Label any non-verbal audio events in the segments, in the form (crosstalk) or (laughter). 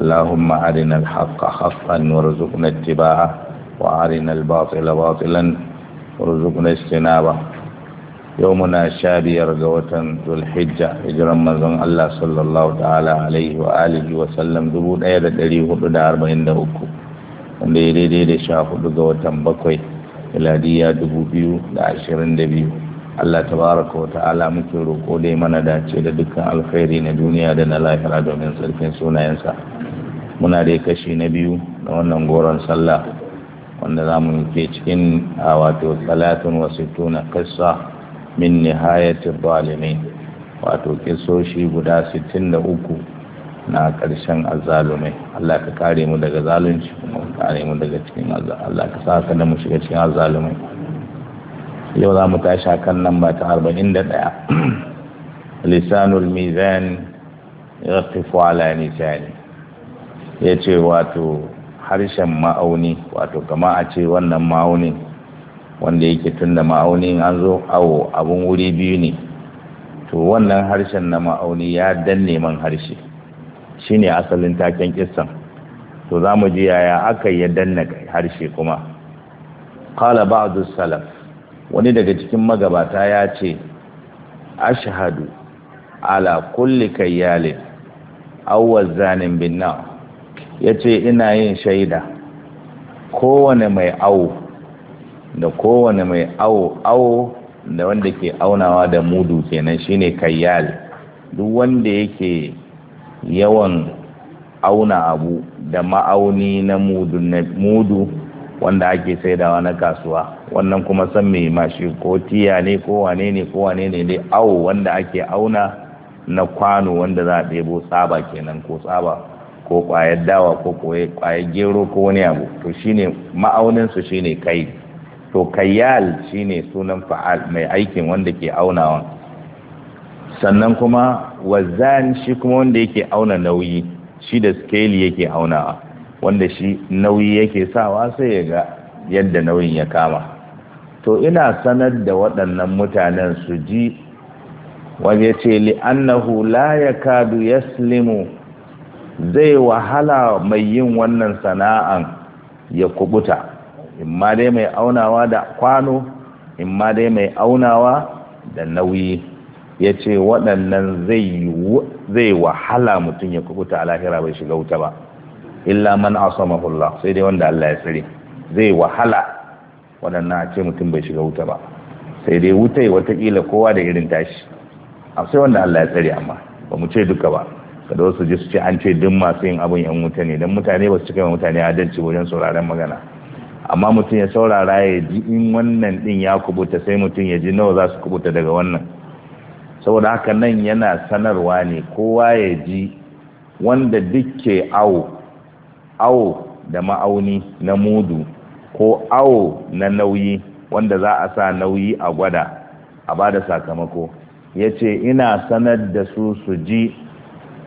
اللهم أرنا الحق حقا وارزقنا اتباعه وأرنا الباطل باطلا وارزقنا اجتنابه يومنا شابير قوة ذو الحجة إجرم من الله صلى الله تعالى عليه وآله وسلم دبون أيضا دليه دار بين دوكو wanda ya daidai da sha hudu ga watan bakwai miladiya dubu biyu da ashirin da biyu Allah tabaraka wa ta'ala muke roƙo dai mana dace da dukkan alkhairi na duniya da na lahira domin sarkin sunayensa muna da kashi na biyu na wannan goron sallah wanda za mu ke cikin a wato talatin wasu tuna kasa min nihayatin zalimi wato kisoshi guda sittin da uku na ƙarshen azalumai Allah ka kare mu daga zalunci kuma ka kare mu daga cikin azalumai Allah ka sa da mu shiga cikin azalumai yau za mu tashi kan nan ba ta arba'in da ɗaya (clears throat) lisanul mizan ya ala nisani ya ce wato harshen ma'auni wato kama a ce wannan ma'aunin wanda yake tun da ma'aunin an zo awo abun wuri biyu ne to wannan harshen na ma'auni ya danne man harshe shi ne asalin taken kistan to za mu ji yaya aka ya danna harshe kuma kala ba'adu salaf wani daga cikin magabata ya ce ashhadu ala kulli kayyalin aw wazanin bin ya ce ina yin shaida kowane mai awo da kowane mai awo awo da wanda ke aunawa da mudu kenan shine kayyal duk wanda yake yawan auna abu da ma'auni na mudu, mudu wanda ake saidawa na kasuwa wannan kuma san mai mashi ko tiya ne ko wane ne ko wane ne dai awo wanda ake auna na kwano wanda za a ɗebo tsaba kenan ko tsaba ko kwayar dawa ko kwayar gero ko wani abu to shine ma'aunin su shine kai to kayyal shine sunan fa'al mai aikin wanda ke aunawa sannan kuma wazan shi kuma wanda yake auna nauyi shi da scale yake aunawa wanda shi nauyi yake sawa sai ya ga yadda nauyin ya kama to ina sanar da waɗannan mutanen su ji ya ce li'annahu la yakadu yaslimu zai wahala mai yin wannan sana'an ya kubuta in ma dai mai aunawa da kwano in ma dai mai aunawa da nauyi ya ce waɗannan zai wahala mutum ya kubuta a lahira bai shiga wuta ba illa man asamahullah sai dai wanda Allah ya tsiri zai wahala waɗannan a ce mutum bai shiga wuta ba sai dai wuta yi watakila kowa da irin tashi a sai wanda Allah ya tsiri amma ba mu ce duka ba kada wasu ji su ce an ce duk masu yin abin yan wuta ne don mutane ba su cika mutane adalci wajen sauraron magana amma mutum ya saurara ya ji in wannan din ya kubuta sai mutum ya ji nawa za su kubuta daga wannan saboda haka nan yana sanarwa ne kowa ya ji wanda dukke ke awo da ma'auni na mudu ko awo na nauyi wanda za a sa nauyi a gwada a ba da sakamako ya ce ina sanar da su su ji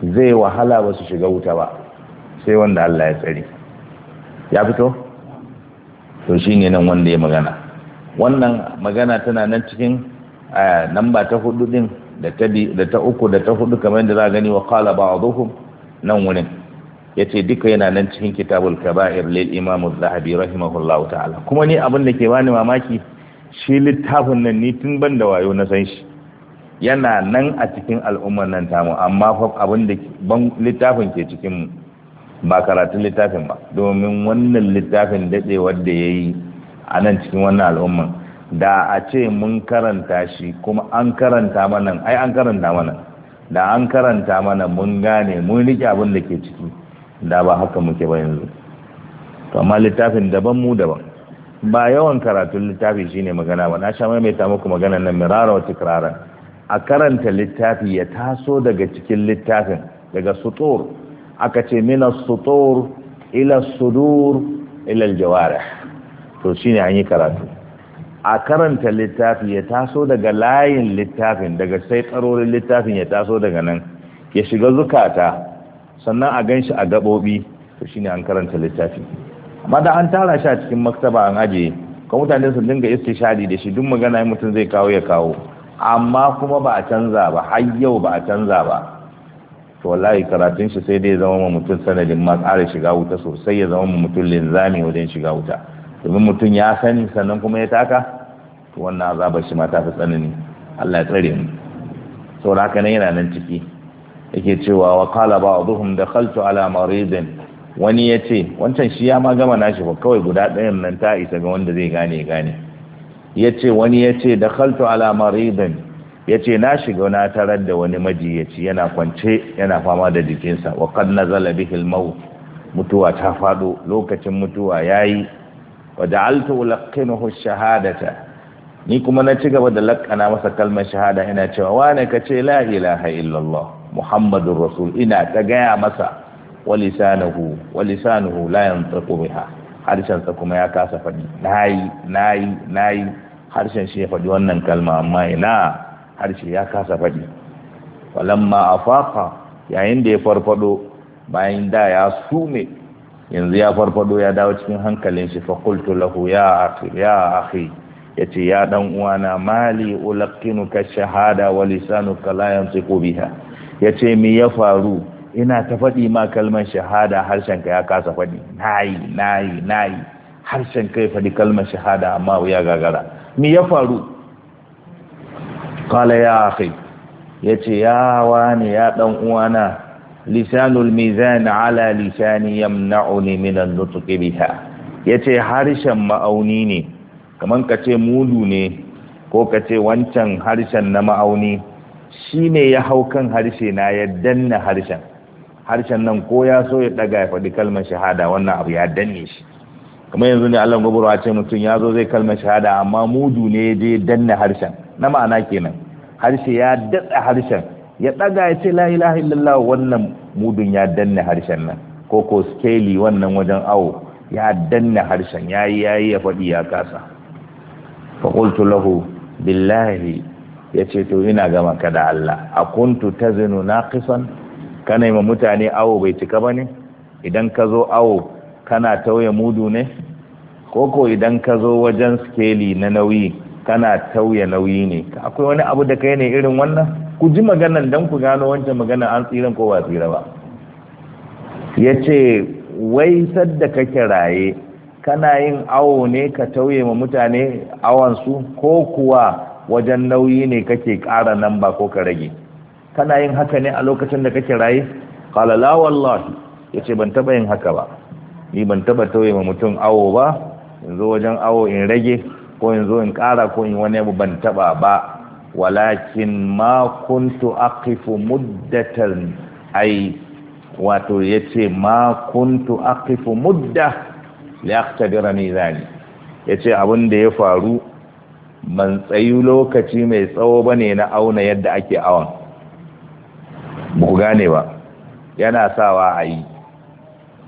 zai wahala ba su shiga wuta ba sai wanda Allah ya tsari ya fito to shine nan wanda ya magana wannan magana tana nan cikin ba ta hudu din da ta uku da ta hudu kamar yadda za a gani wa a zuhun nan wurin ce duka yana nan cikin kitabul kaba'ir lil imamu zahabi rahimahullahu ta'ala kuma ni abin da ke bani mamaki shi littafin nan ni tun ban da wayo na san shi yana nan a cikin al'ummar nan tamu amma fa abin da littafin ke cikin ba karatun littafin ba domin wannan littafin dadewar da yayi a nan cikin wannan al'ummar da a ce mun karanta shi kuma an karanta mana ai an karanta mana da an karanta mana mun gane mun rike abin da ke ciki da ba haka muke ba yanzu to amma littafin daban mu daban ba yawan karatun littafi shine magana ba na sha mai ta muku magana nan mirara wa tikrara a karanta littafi ya taso daga cikin littafin daga sutur aka ce mina sutur ila sudur ila aljawarih to shine an yi karatu a karanta littafi ya taso daga layin littafin daga sai tsarorin littafin ya taso daga nan ya shiga zukata sannan a ganshi a gabobi to shine an karanta littafi amma da an tara shi a cikin maktaba an ajiye kuma mutane su dinga istishadi da shi duk magana mutum zai kawo ya kawo amma kuma ba a canza ba har yau ba a canza ba to wallahi karatun shi sai dai zama mutum sanadin ma tsara shiga wuta sosai ya zama mutum linzami wajen shiga wuta domin mutum ya sani sannan kuma ya taka to wannan azabar shi ma ta fi tsanani Allah ya tsare mu saboda haka nan yana nan ciki yake cewa wa qala ba'dhum dakhaltu ala maridin wani yace wancan shi ya ma gama nashi ba kawai guda ɗayan nan ta isa ga wanda zai gane gane yace wani yace dakhaltu ala maridin yace na shiga na tarar da wani majiyaci yana kwance yana fama da jikinsa wa na nazala bihi mutuwa ta faɗo. lokacin mutuwa yayi wa ja'altu ulqinuhu ash-shahadata ni kuma na ci gaba da lakana masa kalmar shahada ina cewa ka ce la ilaha illallah muhammadun rasul ina ta gaya masa walisanuhu walisanuhu la yantiqu biha harshensa kuma ya kasa faɗi na na yi, yi, na yi, harshen shi ya faɗi wannan kalma amma ina harshe ya kasa faɗi walamma afaqa yayin da ya farfaɗo, bayan da ya sume yanzu ya farfaɗo ya dawo cikin hankalin shi fa qultu lahu ya akhi ya akhi yace ya dan uwana mali ulaqinuka shahada wa lisanuka la yamsiku biha yace me ya faru ina ta faɗi ma kalmar shahada harshenka ya kasa faɗi nayi nayi nayi harshen ya faɗi kalmar shahada amma ya gagara me ya faru kala ya ya ce ya wani ya dan uwana lisanul mizan ala lisani yamna'uni min an-nutqi biha yace harshen ma'auni ne kaman ce mudu ne ko ka ce wancan harshen na ma'auni Shi ne ya hau kan harshe na ya danna harshen harshen nan ko ya so ya daga ya faɗi kalmar shahada wannan abu ya danne shi kamar yanzu ne Allah ya ce mutum ya zo zai kalmar shahada amma mudu ne ya je danne harshen na ma'ana kenan harshe ya datsa harshen ya daga ya ce la ilaha illallah wannan mudun ya danne harshen nan ko ko skeli wannan wajen awo ya danne harshen yayi yayi ya faɗi ya kasa fa qultu lahu billahi yace to ina gama ka da Allah akuntu tazinu naqisan kana yi ma mutane awo bai cika ba ne idan ka zo awo kana tauye mudu ne koko idan ka zo wajen skeli na nauyi kana tauye nauyi ne akwai wani abu da kai ne irin wannan ku ji maganan don ku gano wancan magana an tsiran ko ba tsira ba ya ce wai sadda ka kiraye kana yin awo ne ka tauye ma mutane awansu ko kuwa wajen nauyi ne kake ƙara nan ba ko ka rage kana yin haka ne a lokacin da kake raye qala la wallahi yace ban taba yin haka ba ni ban taba tauye ma mutum awo ba in zo wajen awo in rage ko in in ƙara ko in wani abu ban taba ba walakin ma kuntu aqifu muddatan ai wato yace ma kuntu aqifu mudda li aqtabira mizani yace abin da ya faru ban tsayu lokaci mai tsawo bane na auna yadda ake awon Buku gane ba yana sawa a yi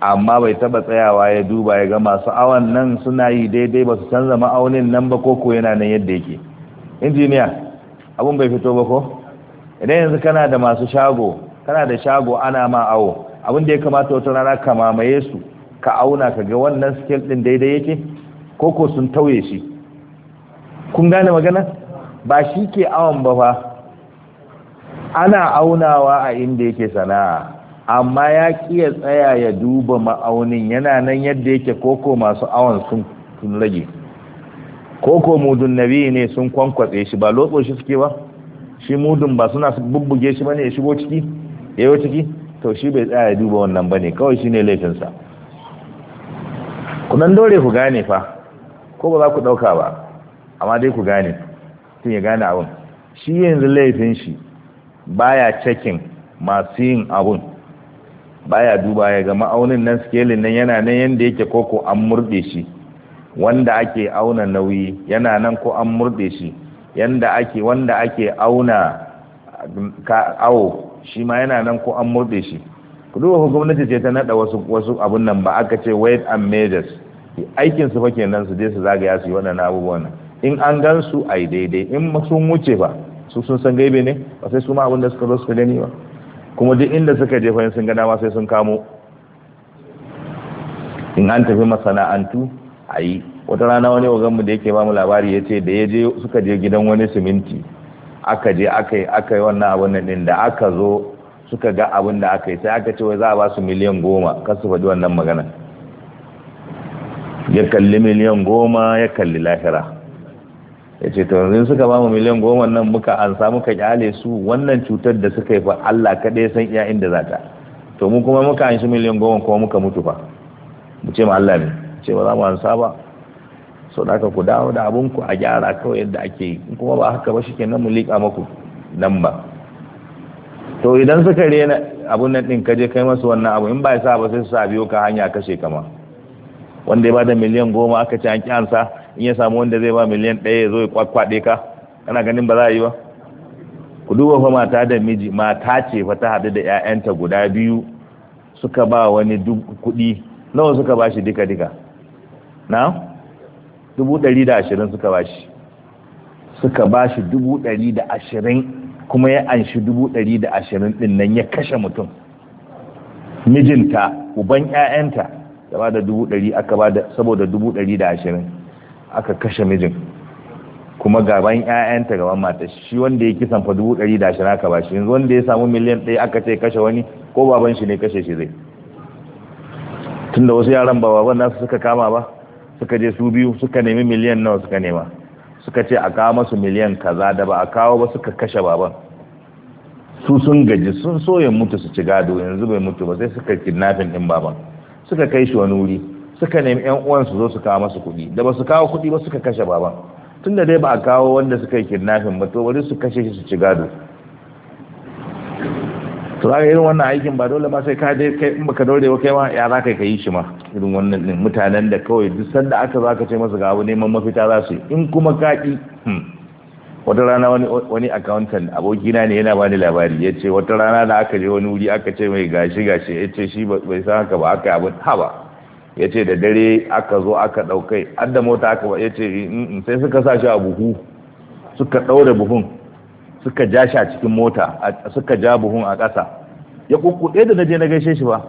amma bai taba tsayawa ya duba ya ga masu awon nan suna yi daidai ba su canza ma'aunin nan ba koko yana nan yadda yake injiniya abun bai fito ba ko idan yanzu kana da masu shago kana da shago ana ma awo abin da ya kamata wata rana ka mamaye su ka auna ka ga wannan skill din daidai yake koko sun tauye shi kun gane magana ba shi ke awon ba fa ana aunawa a inda yake sana'a amma ya kiya tsaya ya duba ma'aunin yana nan yadda yake koko masu awon sun rage koko mudun nabi ne sun kwankwatse shi ba lotso shi suke ba shi mudun ba suna bubbuge shi bane ya shigo ciki yayo ciki to shi bai tsaya ya duba wannan bane kawai shine laifinsa kunan dore ku gane fa ko ba za ku dauka ba amma dai ku gane tun ya gane abin shi yanzu laifin shi baya cekin masu yin abun baya duba ya ga ma'aunin nan skelin nan yana nan yanda yake koko an murde shi wanda ake auna nauyi yana nan ko an murde shi yanda ake wanda ake auna mm, ka awo shi ma yana nan ko an murde shi ku duba gwamnati ce ta naɗa wasu wasu abun nan ba aka ce weight and measures aikin su fa kenan su je su zagaya su yi wannan abubuwan in an gan su ai daidai in sun wuce ba su sun san gaibe ne ba sai su ma abinda suka zo suka gani ba kuma duk inda suka je fa sun gana ma sai sun kamo in an tafi masana'antu a yi wata rana wani waganmu da yake ba mu labari ya ce da ya je suka je gidan wani siminti aka je aka yi aka yi wannan abin nan din da aka zo suka ga abin da aka yi sai aka ce wai za a ba su miliyan goma kan su faɗi wannan magana ya kalli miliyan goma ya kalli lahira ya ce to yanzu suka bamu miliyan goma nan muka ansa muka kyale su wannan cutar da suka yi fa Allah kaɗai san iya inda za ta to mu kuma muka anshi miliyan goma kuma muka mutu fa mu ce ma Allah ne ce ba za mu ansa ba so da ku dawo da abun ku a gyara kawai yadda ake yi kuma ba haka ba nan mu liƙa maku nan ba to idan suka rena abun nan din kaje kai masu wannan abu in ba ya sa ba sai su sa biyo ka hanya kashe kama wanda ya bada miliyan goma aka ce an kyansa in ya samu wanda zai ba miliyan ɗaya ya zo ya kwakwaɗe ka kana ganin ba za a yi ba ku duba fa mata da miji mata ce fa ta haɗu da 'ya'yanta guda biyu suka ba wani kuɗi nawa suka ba shi duka duka na dubu ɗari da ashirin suka ba shi suka ba shi dubu ɗari da ashirin kuma ya anshi dubu ɗari da ashirin ɗin nan ya kashe mutum mijinta uban 'ya'yanta da ba da dubu ɗari aka ba da saboda dubu ɗari da ashirin aka kashe mijin kuma gaban 'ya'yanta gaban mata shi wanda ya kisan fa dubu ɗari da naka aka bashi yanzu wanda ya samu miliyan ɗaya aka ce kashe wani ko baban shi ne kashe shi zai tunda wasu yaran ba baban nasu suka kama ba suka je su biyu suka nemi miliyan nawa suka nema suka ce a kawo masu miliyan kaza da ba a kawo ba suka kashe baban su sun gaji sun so ya mutu su ci gado yanzu bai mutu ba sai suka kidnapping din baban suka kai shi wani wuri suka nemi yan uwan su zo su kawo masu kuɗi da ba su kawo kuɗi ba suka kashe baban tunda dai ba a kawo wanda suka yi kidnapping ba to bari su kashe shi su ci gado to zaka irin wannan aikin ba dole ba sai ka dai kai in baka daure ba kai ma ya zaka ka yi shi ma irin wannan din mutanen da kawai duk sanda aka zaka ka ce masa ga abu neman mafita za su in kuma ka ki hmm. wata rana wani wani accountant abokina ne yana bani labari ya ce wata rana da aka je wani wuri aka ce mai gashi gashi ya ce shi bai san haka ba aka yi abin ha ba ya ce da dare aka zo aka ɗaukai adda mota aka ba ya ce sai suka sa shi a buhu suka ɗaure buhun suka ja shi a cikin mota suka ja buhun a ƙasa ya kukkuɗe da naje na gaishe shi ba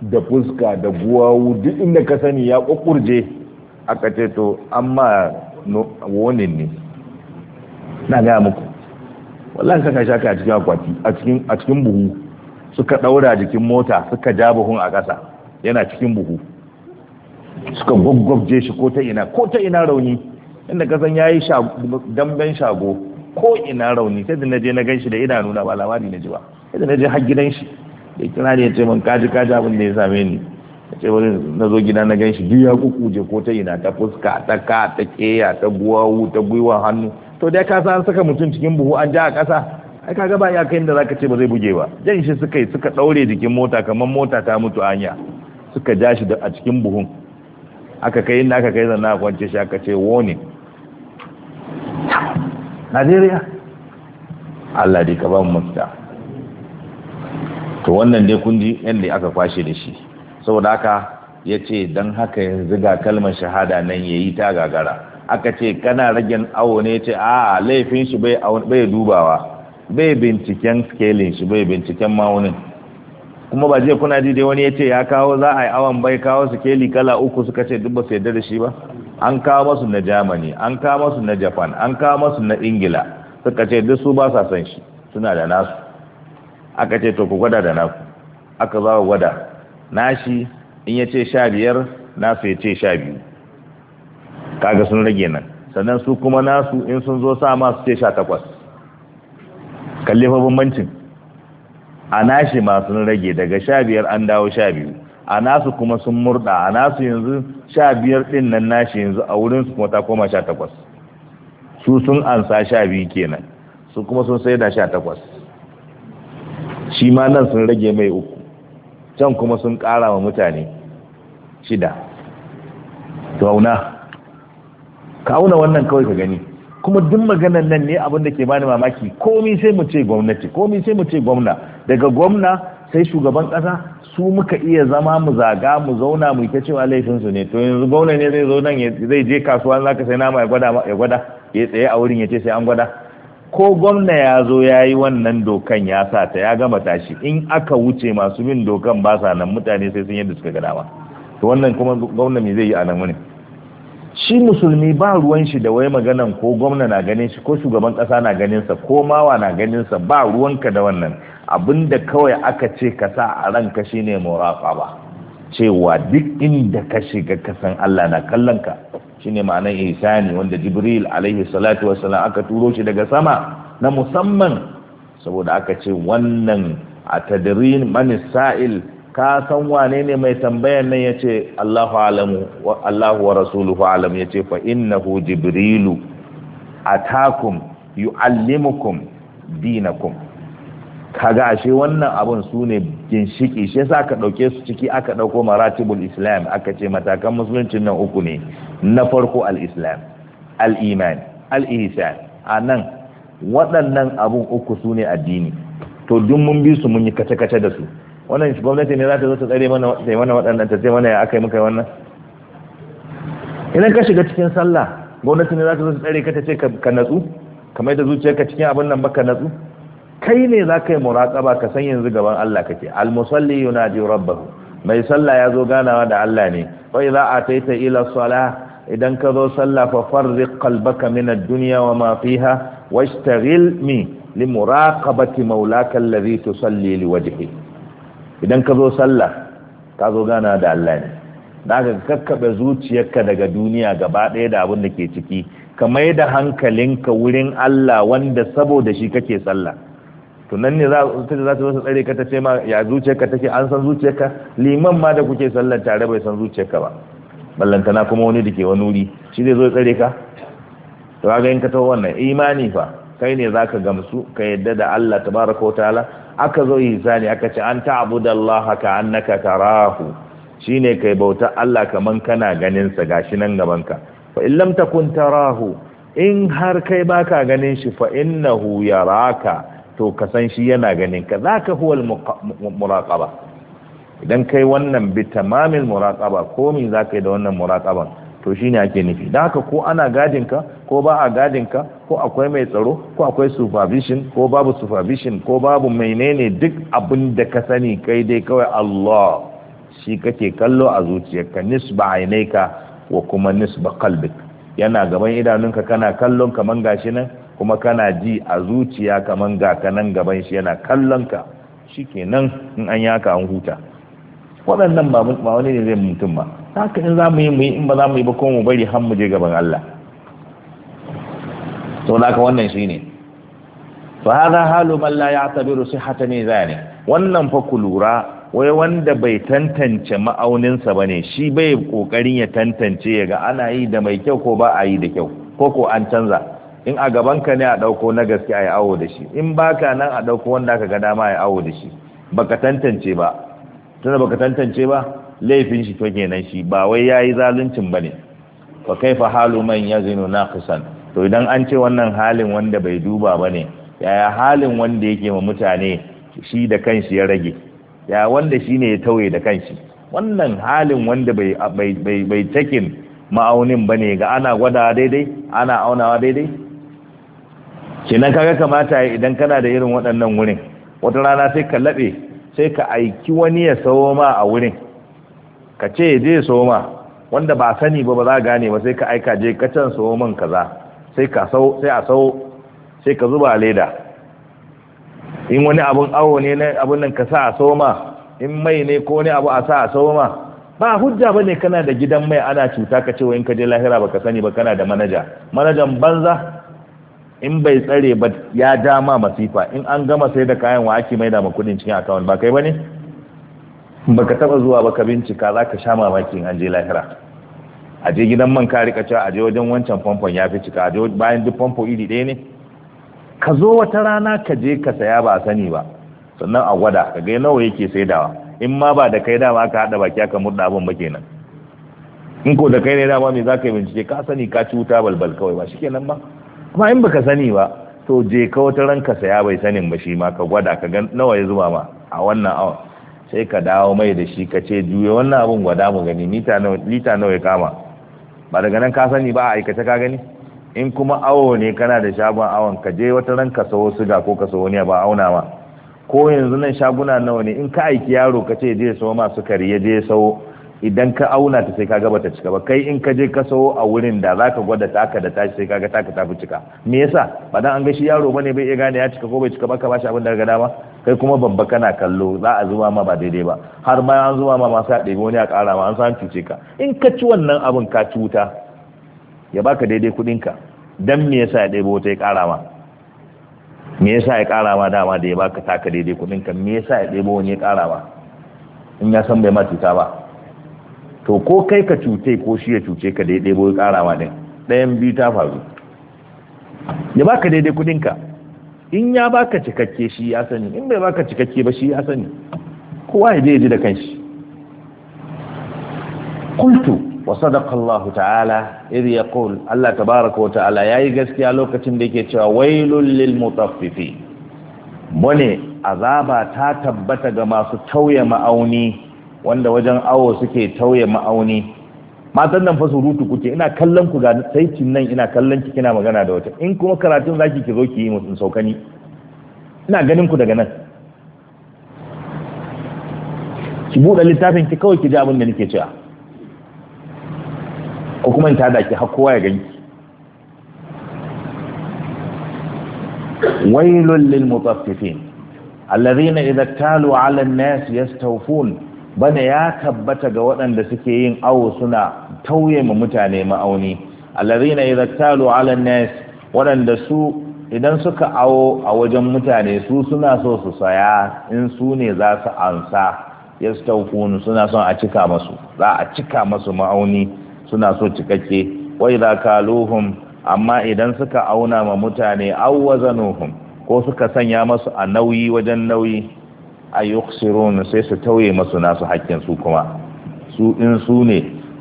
da fuska da guwawu duk inda ka sani ya kukurje aka ce to amma wonin ne na gaya muku wallahi saka shaka a cikin akwati a cikin buhu suka ɗaura jikin mota suka ja buhun a ƙasa yana cikin buhu suka gwaggwabje shi ko ta ina ko ta ina rauni inda kasan ya yi damben shago ko ina rauni sai da na je na gan shi da ina nuna ba labari na ji ba sai da na je har gidan shi da kira ne ya ce min kaji kaji abin da ya same ni ya ce wani na zo gida na gan shi duk ya kukuje ko ta ina ta fuska ta ka ta keya ta buwawu ta gwiwa hannu to dai ka san saka mutum cikin buhu an ja a ƙasa ai kaga ba ya kai da zaka ce ba zai buge ba jan shi suka yi suka daure jikin mota kamar mota ta mutu anya suka ja shi a cikin buhun aka kai inda aka kai zanna a kwance shi aka ce warning Najeriya Allah dai ka ba mu mafita to wannan dai kun ji yadda aka kwashe da shi saboda haka ya ce don haka yanzu ga kalmar shahada nan ya yi ta gagara aka ce kana ragen awo ne ce a laifin shi bai dubawa bai binciken scaling shi bai binciken maunin kuma ba je kuna ji dai wani ya ce ya kawo za a yi awon bai kawo su keli kala uku suka ce duk ba su yarda da shi ba an kawo masu na germany an kawo masu na japan an kawo masu na ingila suka ce duk su ba sa son shi suna da nasu aka ce to ku gwada da naku aka za ku gwada nashi in ya ce sha biyar nasu ya ce sha biyu kaga sun rage nan sannan su kuma nasu in sun zo sa ma su ce sha takwas kalli fa bambancin a nashi ma sun rage daga sha biyar an dawo sha biyu a nasu kuma sun murda a nasu yanzu sha biyar ɗin nan nashi yanzu a wurin su kuma ta koma sha takwas su sun ansa sha biyu kenan su kuma sun sai da sha takwas shi ma nan sun rage mai uku can kuma sun ƙara wa mutane shida tauna ka auna wannan kawai ka gani kuma duk maganar nan ne abin da ke bani mamaki komi sai mu ce gwamnati komi sai mu ce gwamna daga gwamna sai shugaban kasa su muka iya zama mu zaga mu zauna mu ta cewa laifinsu ne to yanzu gwamna ne zai zo zai je kasuwa za ka sai nama ya gwada ya gwada ya tsaye a wurin ya ce sai an gwada ko gwamna ya zo ya yi wannan dokan ya sa ta ya gama tashi in aka wuce masu bin dokan ba sa nan mutane sai sun yadda suka gada ba to wannan kuma gwamna me zai yi a nan wani shi musulmi ba ruwan shi da wai maganan ko gwamna na ganin shi ko shugaban kasa na ganin sa ko mawa na ganin sa ba ruwanka da wannan abinda kawai aka ce ka sa a ranka shine ba cewa duk inda ka shiga ka Allah na kallon ka shine ma'anar ihsani wanda Jibril alaihi salatu wassalam aka turo shi daga sama na musamman saboda aka ce wannan a tadrin man sa'il ka san wane ne mai tambayan nan ya ce Allahu alamu wa Allahu wa rasuluhu ya fa innahu jibrilu atakum yu'allimukum dinakum kaga ashe wannan abun su ne ginshiki shi yasa aka ɗauke su ciki aka ɗauko maratibul islam aka ce matakan musuluncin nan uku ne na farko al-islam al-iman al-ihsan a nan waɗannan abun uku su ne addini to duk mun bi su mun yi kace-kace da su wannan gwamnati ne za ta zo ta tsare mana sai mana waɗannan ta sai mana ya aka yi muka wannan idan ka shiga cikin sallah gwamnati ne za ta zo ta tsare ka ta ce ka natsu kamar da zuciyarka cikin abin nan ba ka natsu kai ne za ka yi muraƙaba ka san yanzu gaban Allah kake almusalli yunaji rabbahu mai sallah ya zo ganawa da Allah ne fa idza ataita ila salah idan ka zo sallah fa farriq qalbaka min ad-dunya wa ma fiha washtaghil mi li muraqabati mawlaka alladhi tusalli li wajhi idan ka zo sallah ka zo ganawa da Allah ne da ka zuciyarka daga duniya gaba ɗaya da abin da ke ciki ka mai da hankalinka wurin Allah wanda saboda shi kake sallah to nan ne za ta wasu tsare ka ta ce ma ya zuciyarka take an san zuciyarka liman ma da kuke sallar tare bai san zuciyarka ba ballantana kuma wani da ke wani wuri shi zai zo tsare ka to ga in ka wannan imani fa kai ne za ka gamsu ka yadda da Allah tabaraka wa ta'ala aka zo zani aka ce an ta'budallaha ka annaka tarahu shine kai bauta Allah kaman kana ganin sa gashi nan gaban ka fa in lam takun tarahu in har kai baka ganin shi fa innahu yaraka to ka san shi yana ganin ka za ka huwal muraƙaba idan kai wannan bi tamamin muraƙaba ko me za ka yi da wannan muraƙaban to shine ake nufi da haka ko ana gadin ka ko ba a gadin ka ko akwai mai tsaro ko akwai supervision ko babu supervision ko babu menene duk abin da ka sani kai dai kawai Allah shi kake kallo a zuciyarka nisba ainaika wa kuma nisba qalbik yana gaban idanunka kana kallon kaman gashi nan kuma kana ji a zuciya kaman ga kanan gaban shi yana kallon ka shikenan in an yaka an huta waɗannan ba wani ne zai mutum ba haka in za mu yi mu yi in ba za mu yi ba ko mu bari har mu je gaban Allah to da ka wannan shine fa hadha halu man la ya'tabiru sihhata mizani wannan fa ku lura wai wanda bai tantance ma'auninsa bane shi bai kokarin ya tantance ya ga ana yi da mai kyau ko ba a yi da kyau ko ko an canza in a gaban ka ne a ɗauko na gaske a yi awo da shi in ba ka nan a ɗauko wanda aka ga dama a yi awo da shi Ba ka tantance ba tunda ka tantance ba laifin shi to kenan shi ba wai ya yi zaluncin ba kai fa halu man na kusan to idan an ce wannan halin wanda bai duba ba ne. yaya halin wanda yake ma mutane shi da kanshi ya rage ya wanda shi ne ya tauye da kanshi wannan halin wanda bai bai bai takin ma'aunin bane ga ana gwada daidai ana aunawa daidai kenan kaga kamata idan kana da irin waɗannan wurin wata rana sai ka laɓe sai ka aiki wani ya sawo ma a wurin ka ce je sawo ma wanda ba sani ba ba za gane ba sai ka aika je ka can sawo man kaza sai ka sau sai a sau sai ka zuba leda in wani abun awo ne na abun nan ka sa a sawo ma in mai ne ko wani abu a sa a sawo ma ba hujja ba ne kana da gidan mai ana cuta ka ce wa in ka je lahira ka sani ba kana da manaja manajan banza in bai tsare ba ya dama masifa in an gama sai da kayan wa ake maida ma kudin cikin akawun ba kai bane ka taba zuwa ba ka bincika za ka sha mamakin an je lahira a je gidan man ka cewa a je wajen wancan famfon ya fi cika a je bayan duk famfo iri ɗaya ne ka zo wata rana ka je ka saya ba sani ba sannan a gwada ka ga nawa yake saidawa in ma ba da kai dama ka hada baki aka murɗa abin ba kenan in ko da kai ne dama me za ka bincike ka sani ka ci wuta balbal kawai ba shikenan ba kuma in baka sani ba to je ka wata ranka saya bai sanin ba shi ma ka gwada ka gan nawa ya zuba ma a wannan awon sai ka dawo mai da shi ka ce juya wannan abun gwada mu gani lita nawa ya kama ba daga nan ka sani ba a aikace ka gani in kuma awo ne kana da shagon awon ka je wata ranka sawo siga ko ka sawo ne ba auna ma ko yanzu nan shaguna nawa ne in ka aiki yaro ka ce je sawo ma sukari ya je sawo idan ka auna ta sai ka gaba ta cika ba kai in ka je ka so a wurin da za ka gwada taka da tashi sai ga taka ta fi cika me yasa ba dan an ga shi yaro bane bai iya gane ya cika ko bai cika ba ka bashi abin da ga dama kai kuma babba kana kallo za a zuwa ma ba daidai ba har ma an zuwa ma masu ɗebi wani a ƙara ma an san cuce ka in ka ci wannan abin ka ci wuta ya baka daidai kuɗin ka dan me yasa ya ɗebi wata ya ƙara ma me yasa ya ƙara ma dama da ya baka taka daidai kuɗin ka me yasa ya ɗebi wani ya ƙara ma in ya san bai ma cuta ba to ko kai ka cuce ko shi ya cuce ka daidai bai karawa din ɗayan biyu ta faru ya baka daidai kudinka in ya baka cikakke shi ya sani in bai baka cikakke ba shi ya sani kowa ya je ji da kanshi kultu wa sadaqa Allah ta'ala idh yaqul Allah tabaaraka wa ta'ala yayi gaskiya lokacin da yake cewa wailul lil mutaffifin bone azaba ta tabbata ga masu tauye ma'auni wanda wajen awo suke tauye ma'auni matan nan fa surutu kuke ina kallon ku ga saitin nan ina kallon ki kina magana da wata in kuma karatun zaki ki zo ki yi mutum saukani ina ganin ku daga nan ki buɗe littafin ki kawai ki ji abin da nake cewa ko kuma in tada ki har kowa ya ganki wailul lil mutaffifin alladhina idza talu ala an-nas yastawfun bana ya tabbata ga waɗanda suke yin awo suna tauye ma mutane ma'auni allazina idza talu ala nas waɗanda su idan suka awo a wajen mutane su suna so su saya in su ne za su ansa yastaufun suna son a cika masu za a cika masu ma'auni suna so cikakke wa idza kaluhum amma idan suka auna ma mutane awwazanuhum ko suka sanya masu a nauyi wajen nauyi a yukhsirun sai su tauye masu nasu hakkin su kuma su in su ne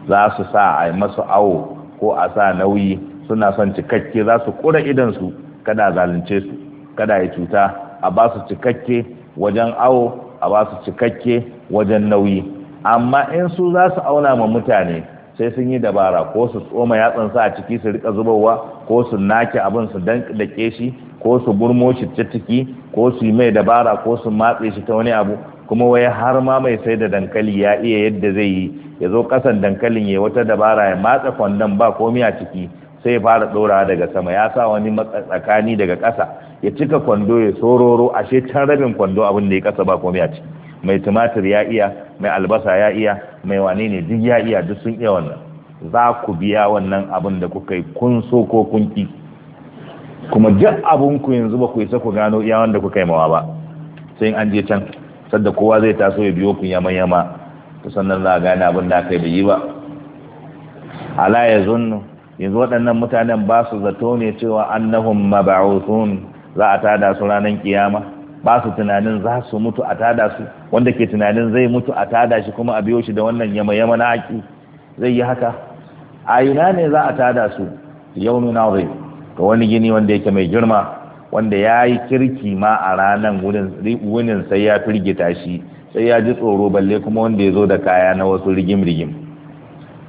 za su sa a masu awo ko a sa nauyi suna son cikakke za su kura idansu su kada zalunce su kada ya cuta a ba su cikakke wajen awo a ba su cikakke wajen nauyi amma in su za su auna ma mutane sai sun yi dabara ko su tsoma yatsan sa a ciki su rika zubarwa ko su nake abin su dan dake shi ko su burmo shi ta ciki ko su yi mai dabara ko su matse shi ta wani abu kuma wai har ma mai sai da dankali ya iya yadda zai yi ya zo kasan dankalin ya wata dabara ya matsa kwandon ba komi a ciki sai ya fara ɗora daga sama ya sa wani tsakani daga ƙasa ya cika kwando ya sororo ashe can rabin kwando abin da ya kasa ba komai a ciki mai tumatir ya iya mai albasa ya iya mai wane ne duk ya iya duk sun iya wannan za ku biya wannan abin da kuka yi kun so ko kun ki kuma duk abin ku yanzu ba ku isa ku gano iya wanda kuka yi mawa ba sai an je can sadda kowa zai taso ya biyo ku yama yama to sannan za a gane abin da aka yi bai yi ba ala ya zunnu yanzu waɗannan mutanen ba su zato ne cewa annahum mab'uthun za a tada su ranar kiyama ba su tunanin za su mutu a tada su wanda ke tunanin zai mutu a tada shi kuma a biyo shi da wannan yama yama na aki zai yi haka a yuna ne za a tada su yau nuna zai ga wani gini wanda yake mai girma wanda ya yi kirki ma a ranar wunin sai ya firgita shi sai ya ji tsoro balle kuma wanda ya zo da kaya na wasu rigim rigim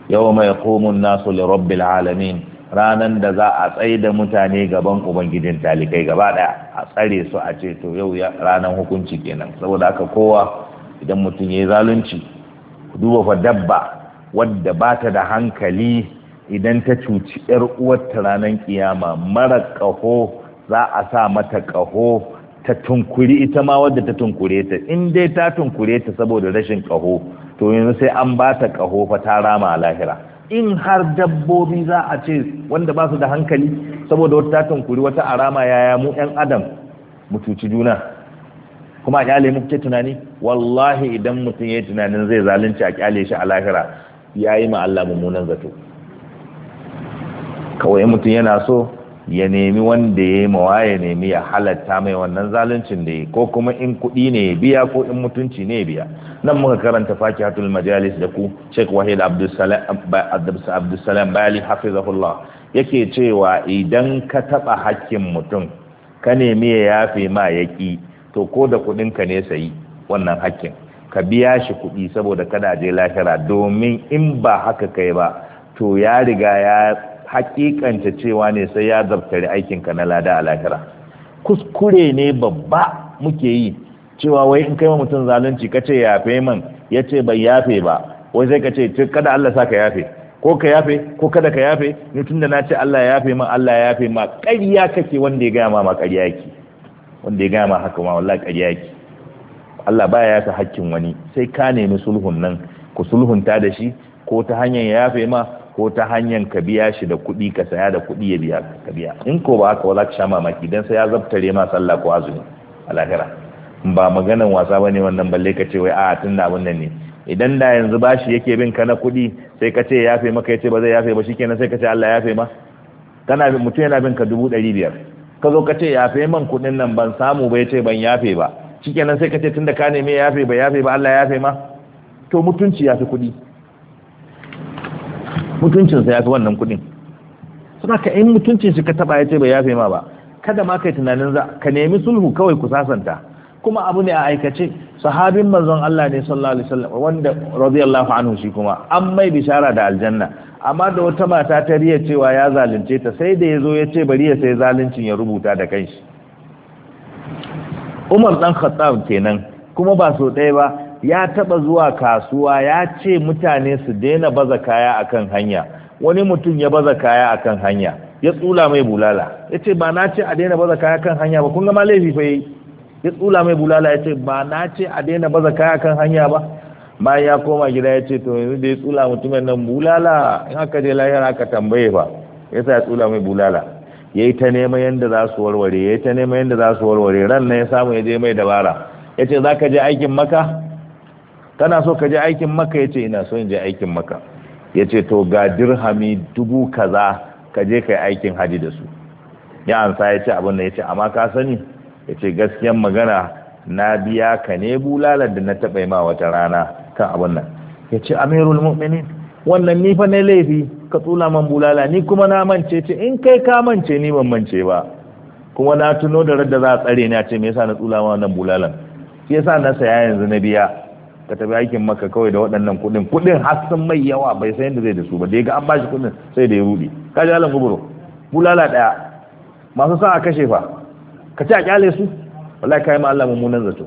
yau mai komun nasu li rabbil alamin ranan da za a tsaye da mutane gaban ubangijin talikai gaba daya a tsare su a ce to yau ranan hukunci kenan saboda haka kowa idan mutum ya yi zalunci duba fa dabba wadda ba ta da hankali idan ta cuci yar uwarta ranan kiyama mara kaho za a sa mata kaho ta tunkuri ita ma wadda ta tunkure ta in dai ta tunkure ta saboda rashin kaho to yanzu sai an ba ta kaho fa ta rama a lahira in har dabbobi za a ce wanda ba su da hankali saboda wata ta kuri wata arama ya yamu yan adam mu juna kuma a kyale muke tunani wallahi idan mutum ya yi tunanin zai zalunci a kyale shi a lahira ya yi ma Allah mummunan zato kawai mutum yana so ya nemi wanda ya yi mawa ya nemi ya halatta mai wannan zaluncin da ya ko kuma in kuɗi ne ya biya ko in mutunci ne ya biya nan muka karanta fakihatul majalis da ku Sheikh Wahid salam Bali hafizahullah yake cewa idan ka taba hakkin mutum ka nemi ya yafe ma yaki to ko da kudin ka ne sayi wannan hakkin ka biya shi kudi saboda kada je lahira domin in ba haka kai ba to ya riga ya hakikanta cewa ne sai ya aikin ka na lada a lahira kuskure ne babba muke yi cewa wai in kai ma mutum zalunci ka ce yafe man ya ce bai yafe ba wai sai ka ce kada Allah sa ka yafe ko ka yafe ko kada ka yafe ni tunda na ce Allah ya yafe man Allah ya yafe ma ƙarya kake wanda ya gama ma ƙarya yake wanda ya gama haka ma wallahi ƙarya yake Allah baya sa hakkin wani sai ka nemi sulhun nan ku sulhunta da shi ko ta hanyar yafe ma ko ta hanyar ka biya shi da kuɗi ka saya da kuɗi ya biya ka biya in ko ba haka wala ka sha mamaki dan sai ya zabtare ma sallah ko azumi alakhirah ba maganan wasa ba ne wannan balle ka ce wai a tun da abin nan ne idan da yanzu bashi yake bin ka na kuɗi sai ka ce ya yafe maka ya ce ba zai yafe ba shikenan sai ka ce Allah ya yafe ma kana mutum yana bin ka dubu ɗari biyar ka zo ka ce yafe man kuɗin nan ban samu ba ya ce ban yafe ba shikenan sai ka ce tun da ka neme yafe ba yafe ba Allah ya yafe ma to mutunci ya fi kuɗi mutuncinsa ya fi wannan kuɗin suna ka in mutuncin shi ka taɓa ya ce ba yafe ma ba kada ma kai tunanin za ka nemi sulhu kawai ku sasanta kuma abu ne a aikace sahabin manzon Allah ne sallallahu alaihi wasallam wanda radiyallahu anhu shi kuma an mai bishara da aljanna amma da wata mata ta riya cewa ya zalunce ta sai da yazo ya ce bari ya sai zaluncin ya rubuta da kanshi Umar dan Khattab kenan kuma ba so ɗaya ba ya taba zuwa kasuwa ya ce mutane su daina baza kaya akan hanya wani mutum ya baza kaya akan hanya ya tsula mai bulala yace ba na ce a daina baza kaya kan hanya ba kun ga ma laifi fa yi ya tsula mai bulala ya ce ba na ce a daina baza kaya kan hanya ba bayan ya koma gida ya ce to yanzu da ya tsula mutumin nan bulala in aka je lahira aka tambaye ba ya sa ya tsula mai bulala ya yi ta neman yadda za su warware ya yi ta neman yadda za su warware ran na ya samu ya je mai dabara ya ce za ka je aikin maka kana so ka je aikin maka ya ce ina so in je aikin maka ya ce to ga dirhami dubu kaza ka je ka yi aikin haji da su ya ansa ya ce abin da ya ce amma ka sani ya ce gaskiyan magana na biya ka ne bulalar da na taɓa ma wata rana kan abin nan ya ce amirul mu'mini wannan ni fa ne laifi ka tsula man bulala ni kuma na mance ce in kai ka mance ni ban mance ba kuma na tuno da radda za a tsare ni a ce me yasa na tsula ma wannan bulalan shi yasa na saya yanzu na biya ka tafi aikin maka kawai da waɗannan kuɗin kuɗin har sun mai yawa bai san yadda zai dasu su ba da ya ga an bashi kuɗin sai da ya rudi ka ji alan guburo bulala ɗaya masu sa a kashe fa ka ce a kyale su wallahi kai ma Allah mummunan zato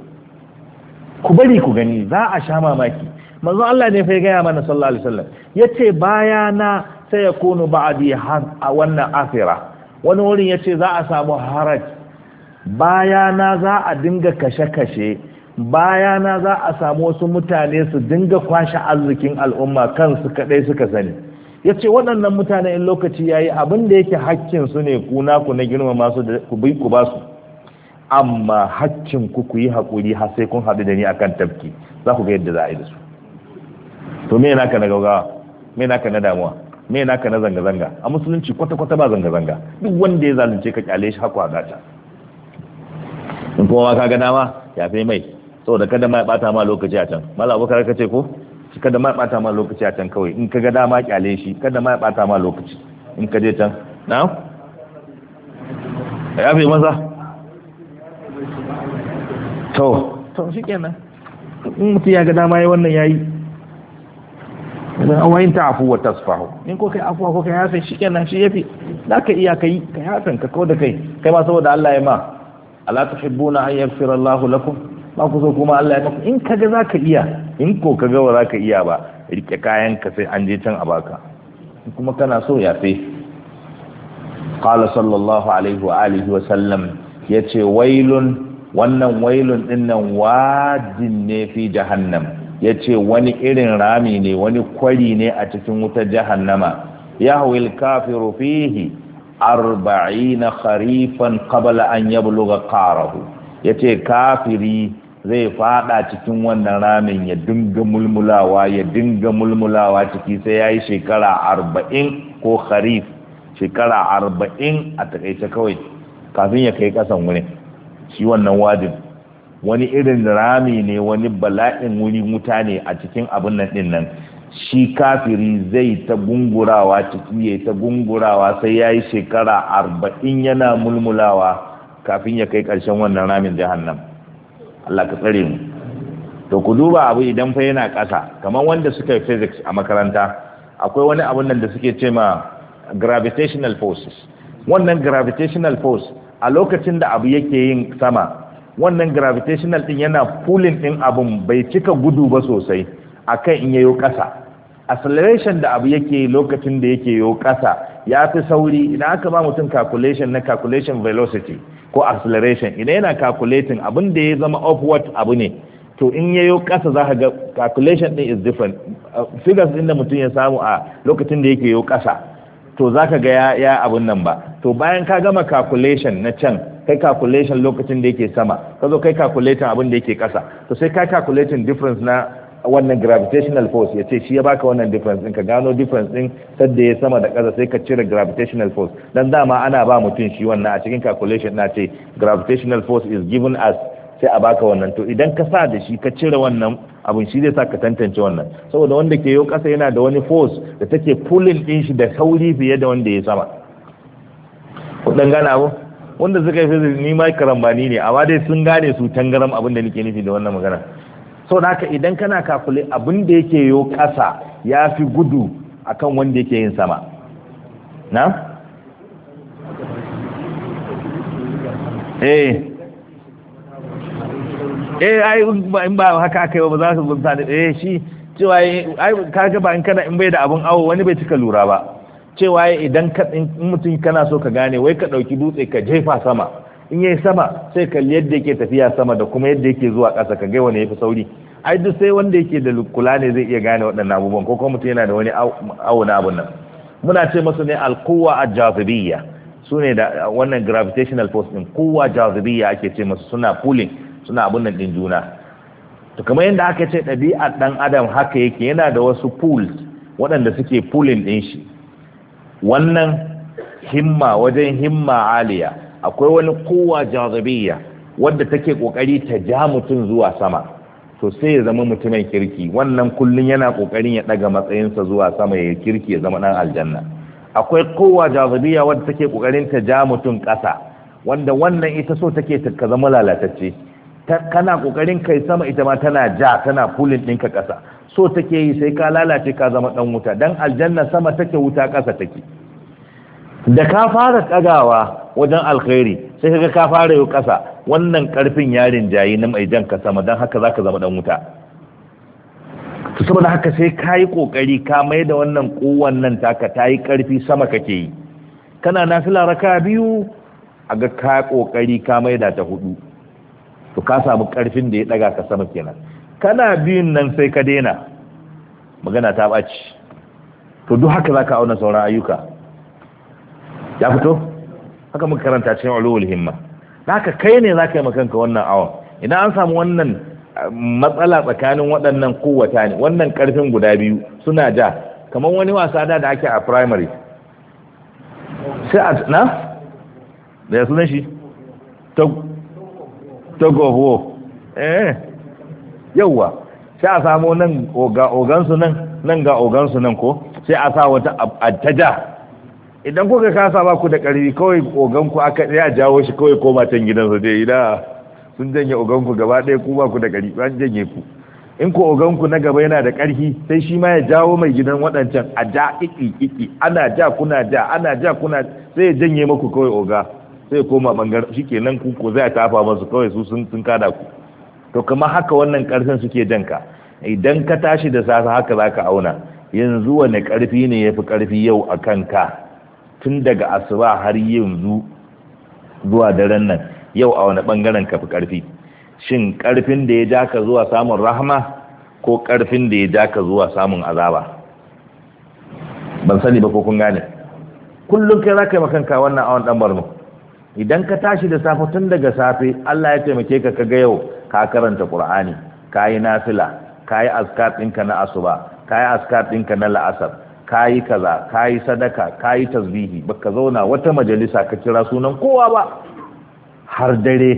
ku bari ku gani za a sha mamaki manzo Allah ne fa ya gaya mana sallallahu alaihi wasallam yace baya na sai ya kono ba'di a wannan asira wani wurin yace za a samu haraj bayana na za a dinga kashe-kashe bayana na za a samu wasu mutane su dinga kwashe arzikin al'umma kansu kaɗai suka sani Ya ce waɗannan mutane in lokaci yayi abin da yake hakkin ne kuna ku na girmama su da ku bi ku basu amma haccin ku ku yi haƙuri har sai kun haɗu da ni akan tafki za ku ga yadda za a yi da su to me naka na gaugawa me naka na damuwa me naka na zanga-zanga a musulunci kwata-kwata ba zanga-zanga duk wanda ya zalunce ka kyale shi haku a gata in kuma ka ga dama ya fi mai saboda kada ma ya bata ma lokaci a can mala abokar ka ce ko kada ma ya bata ma lokaci a can kawai in ka ga dama kyale shi kada ma ya bata ma lokaci in ka je can na ya fi masa to to shi kenan in mutum ya ga dama ya wannan yayi wa in ta'fu wa tasfahu in ko kai afwa ko kai yafe shi kenan shi yafi da ka iya kai ka yafen ka ko da kai kai ma saboda Allah ya ma ala tuhibbuna an yaghfira Allah lakum ba ku so kuma Allah ya maka in kaga zaka iya in ko kaga ba zaka iya ba rike kayan ka sai an je can a baka kuma kana so yafe qala sallallahu alaihi wa alihi wa sallam yace wailun wannan wailun dinnan wajin ne fi jahannam ya ce wani irin rami ne wani kwari ne a cikin wutar jahannama yahwil kafiru fihi arba'ina kharifan qabla an yabluga qarahu yace kafiri zai fada cikin wannan ramin ya dinga mulmulawa ya dinga mulmulawa ciki sai yayi shekara arba'in ko kharif shekara arba'in a takaice kawai kafin ya kai kasan wurin shi wannan wadin wani irin rami ne wani bala'in wuri wuta ne a cikin abin nan din nan shi kafiri zai ta gungurawa ciki ya ta gungurawa sai ya yi shekara arba'in yana mulmulawa kafin ya kai ƙarshen wannan ramin jahannam Allah ka tsare mu to ku duba abu idan fa yana ƙasa kamar wanda suka yi physics a makaranta akwai wani abun nan da suke ce ma gravitational forces wannan gravitational force a lokacin da abu yake yin sama wannan gravitational din yana pulling din abun bai cika gudu ba sosai akan in yayo kasa acceleration da abu yake lokacin da yake yo ƙasa ya fi sauri idan aka ba mutum calculation na calculation velocity ko acceleration idan yana calculating abun da ya zama upward abu ne to in yayo kasa za ga calculation din is different uh, figures din da mutum ya samu a lokacin da yake yo ƙasa to za ka ga ya abun nan ba to bayan ka gama calculation na can kai calculation lokacin da yake sama ka zo kai calculating abin da yake kasa to sai ka calculating difference na wannan gravitational force ya ce shi ya baka wannan difference ɗin ka gano difference ɗin sadda ya sama da ƙasa sai ka cire gravitational force dan dama ana ba mutum shi wannan a cikin calculation na ce gravitational force is given as sai a baka wannan to idan ka sa da shi ka cire wannan abin shi zai sa ka tantance wannan saboda wanda ke yau kasa yana da wani force da take pulling din shi da sauri fiye da wanda ya sama kudan gana abu wanda suka yi fizik ni ma karambani ne amma dai sun gane su tangaram abin da nake nufi da wannan magana da haka idan kana kafule abin da yake yo kasa ya fi gudu akan wanda yake yin sama na? eh eh ai in ba haka aka yi ba za su da eh shi cewa kaga ba in kana in bai da abun awo wani bai cika lura ba cewa idan ka in mutum kana so ka gane wai ka ɗauki dutse ka jefa sama in yayi sama sai ka yadda yake tafiya sama da kuma yadda yake zuwa ƙasa ka ga wani yafi sauri ai duk sai wanda yake da kula ne zai iya gane waɗannan abubuwan ko kuma mutum yana da wani awo na abun nan muna ce masu ne alkuwa a jazibiyya su ne da wannan gravitational force din kowa jazibiyya ake ce masu suna pulling suna abun nan din juna to kamar yadda aka ce ɗabi'ar ɗan adam haka yake yana da wasu pools waɗanda suke pulin ɗin shi wannan himma wajen himma aliya akwai wani kowa jazabiyya wadda take ƙoƙari ta ja mutum zuwa sama to sai ya zama mutumin kirki wannan kullum yana ƙoƙarin ya ɗaga matsayinsa zuwa sama ya kirki ya zama ɗan aljanna akwai kowa jazabiyya wadda take ƙoƙarin ta ja mutum ƙasa wanda wannan ita so take ta zama lalatacce kana kokarin kai sama ita ma tana ja tana pulin ɗinka ƙasa so take yi sai ka lalace ka zama ɗan wuta dan aljanna sama take wuta ƙasa take da ka fara ƙagawa wajen alkhairi sai kaga ka fara yau ƙasa wannan ƙarfin yarin jayi na mai jan ka sama dan haka zaka zama ɗan wuta to saboda haka sai ka yi ƙoƙari ka mai da wannan ƙuwan nan taka ta yi ƙarfi sama kake yi kana nafila raka biyu a ga ka ƙoƙari ka mai da ta hudu to ka samu karfin da ya daga ka sama kenan kana biyun nan sai ka daina magana ta ɓaci to duk haka zaka auna sauran ayyuka ya fito haka muka karanta cikin ulul himma haka kai ne zaka yi makanka wannan awon idan an samu wannan eh, matsala tsakanin waɗannan kowata ne wannan karfin guda biyu suna ja kamar wani wasa da ake a primary sai a na da ya sunan shi tug of war eh yawa sai a samu nan ga ogansu nan nan ga ogansu nan ko sai a sa wata attaja idan kuka kasa ba ku da karfi kawai oganku aka ya a jawo shi kawai koma can gidan su dai ida sun janye oganku gaba ɗaya ku ba ku da ƙarfi an janye ku in ko oganku na gaba yana da ƙarfi sai shi ma ya jawo mai gidan waɗancan a ja iki ana ja kuna ja ana ja kuna sai ya janye muku kawai oga sai koma bangaren shi kenan ku kuku zai tafa masu kawai su sun sun kada ku to kamar haka wannan karfin suke janka idan ka tashi da safe haka zaka auna yanzu wani karfi ne yafi karfi yau a kanka tun daga asuba har yanzu zuwa daren nan yau a wani bangaren ka fi karfi shin karfin da ya ja ka zuwa samun rahama ko karfin da ya ja ka zuwa samun azaba ban sani ba ko kun gane kullum kai za ka yi makanka wannan awon dan barno idan ka tashi da safe tun daga safe Allah ya taimake ka kaga yau ka karanta Qur'ani kayi nafila kayi azkar ɗinka na asuba kayi azkar ɗinka na la'asar kayi kaza kayi sadaka kayi tasbihi baka zauna wata majalisa ka kira sunan kowa ba har dare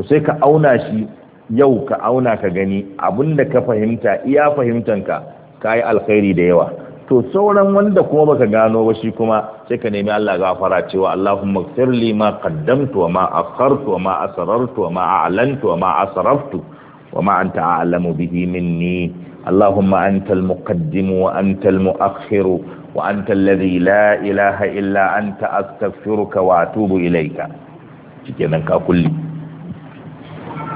to sai ka auna shi yau ka auna ka gani abinda ka fahimta iya fahimtanka kayi alkhairi da yawa to sauran wanda kuma baka gano ba shi kuma sai ka nemi Allah gafara cewa Allahumma ighfir li ma qaddamtu wa ma akhartu wa ma asrartu wa ma a'lantu wa ma asraftu wa ma anta a'lamu bihi minni Allahumma antal muqaddim wa antal muakhir wa antal ladhi la ilaha illa anta astaghfiruka wa atubu ilayka shikenan ka kulli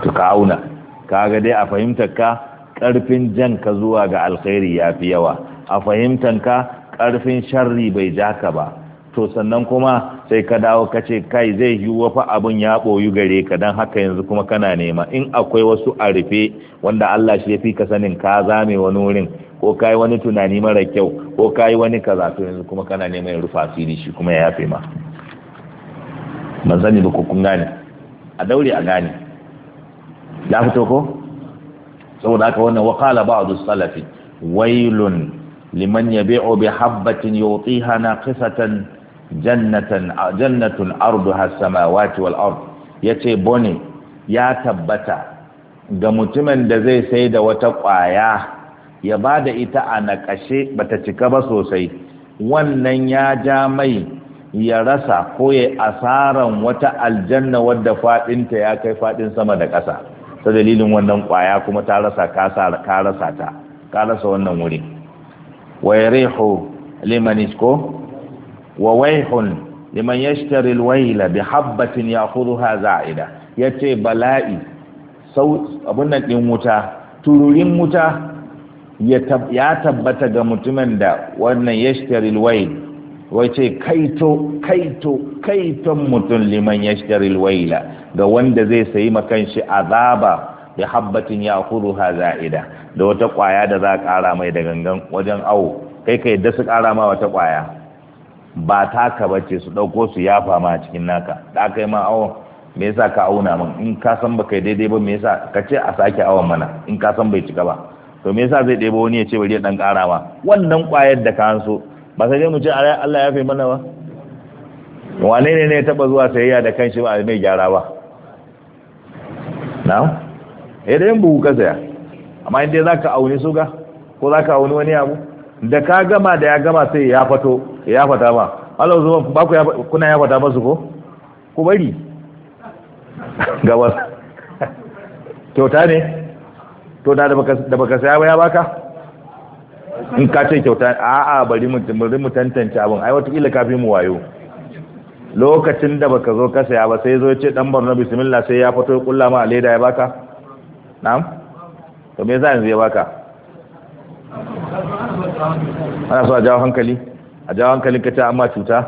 to ka auna kaga dai a fahimtar ka karfin jan ka zuwa ga alkhairi yafi yawa a fahimtanka ƙarfin sharri bai ja ka ba to sannan kuma sai ka dawo ka ce kai zai yi wafa abin ya ɓoyu gare ka don haka yanzu kuma kana nema in akwai wasu a rufe wanda Allah shi ya fi ka sanin ka zame wani wurin ko ka yi wani tunani mara kyau ko ka yi wani kaza to yanzu kuma kana nema ya rufa asiri shi kuma ya yafe ma ban sani ba kun gane a daure a gane ya fito ko saboda haka wannan wa qala ba'du salafi waylun liman yabi'u bi habbatin yutiha naqisatan jannatan jannatun arduha as-samawati wal ard yace bone ya tabbata ga mutumin da zai sai da wata kwaya ya ba da ita a naƙashe bata cika ba sosai wannan ya ja mai ya rasa ko ya asaran wata aljanna wadda faɗinta ya kai faɗin sama da ƙasa ta dalilin wannan kwaya kuma ta rasa ka rasa ta ka rasa wannan wuri wa yarihu liman isko wa waihun liman yashtari alwayla bi habbatin ya'khudha za'ida yace bala'i sau abun wuta tururin wuta ya tabbata ga mutumin da wannan yashtari alwayl wace kaito kaito kaiton mutum liman yashtari alwayla ga wanda zai sayi makan shi azaba bi habbatin ya'khudha za'ida da wata kwaya da za a ƙara mai da gangan wajen awo kai ka da su ƙara ma wata kwaya ba taka ce su ɗauko su yafa ma cikin naka da aka yi ma awon me yasa ka auna min in ka san ba kai daidai ba me yasa ka ce a sake awon mana in ka san bai cika ba to me yasa zai ɗebo wani ya ce bari ya ɗan ƙara ma wannan ƙwayar da ka hanso ba sai dai mu ce Allah ya fi mana ba wane ne ne taɓa zuwa sayayya da kanshi ba a mai gyara ba na? Eh dai yin buhu ka saya amma inda za ka auni suga ko za ka auni wani abu da ka gama da ya gama sai ya fato ya fata ma Allah zuwa ba ku kuna ya fata su ko ku bari (laughs) gabar kyauta ne to da da baka saya ba ya baka in ka ce kyauta a'a bari mu bari mu tantance abin ai wata kila kafin mu wayo lokacin da baka zo ka saya ba sai zo ya ce dan barna bismillah sai ya fato kullama kulla ma leda ya baka na'am to me za yanzu ya baka ana so a jawo hankali a jawo hankalin ka ta amma cuta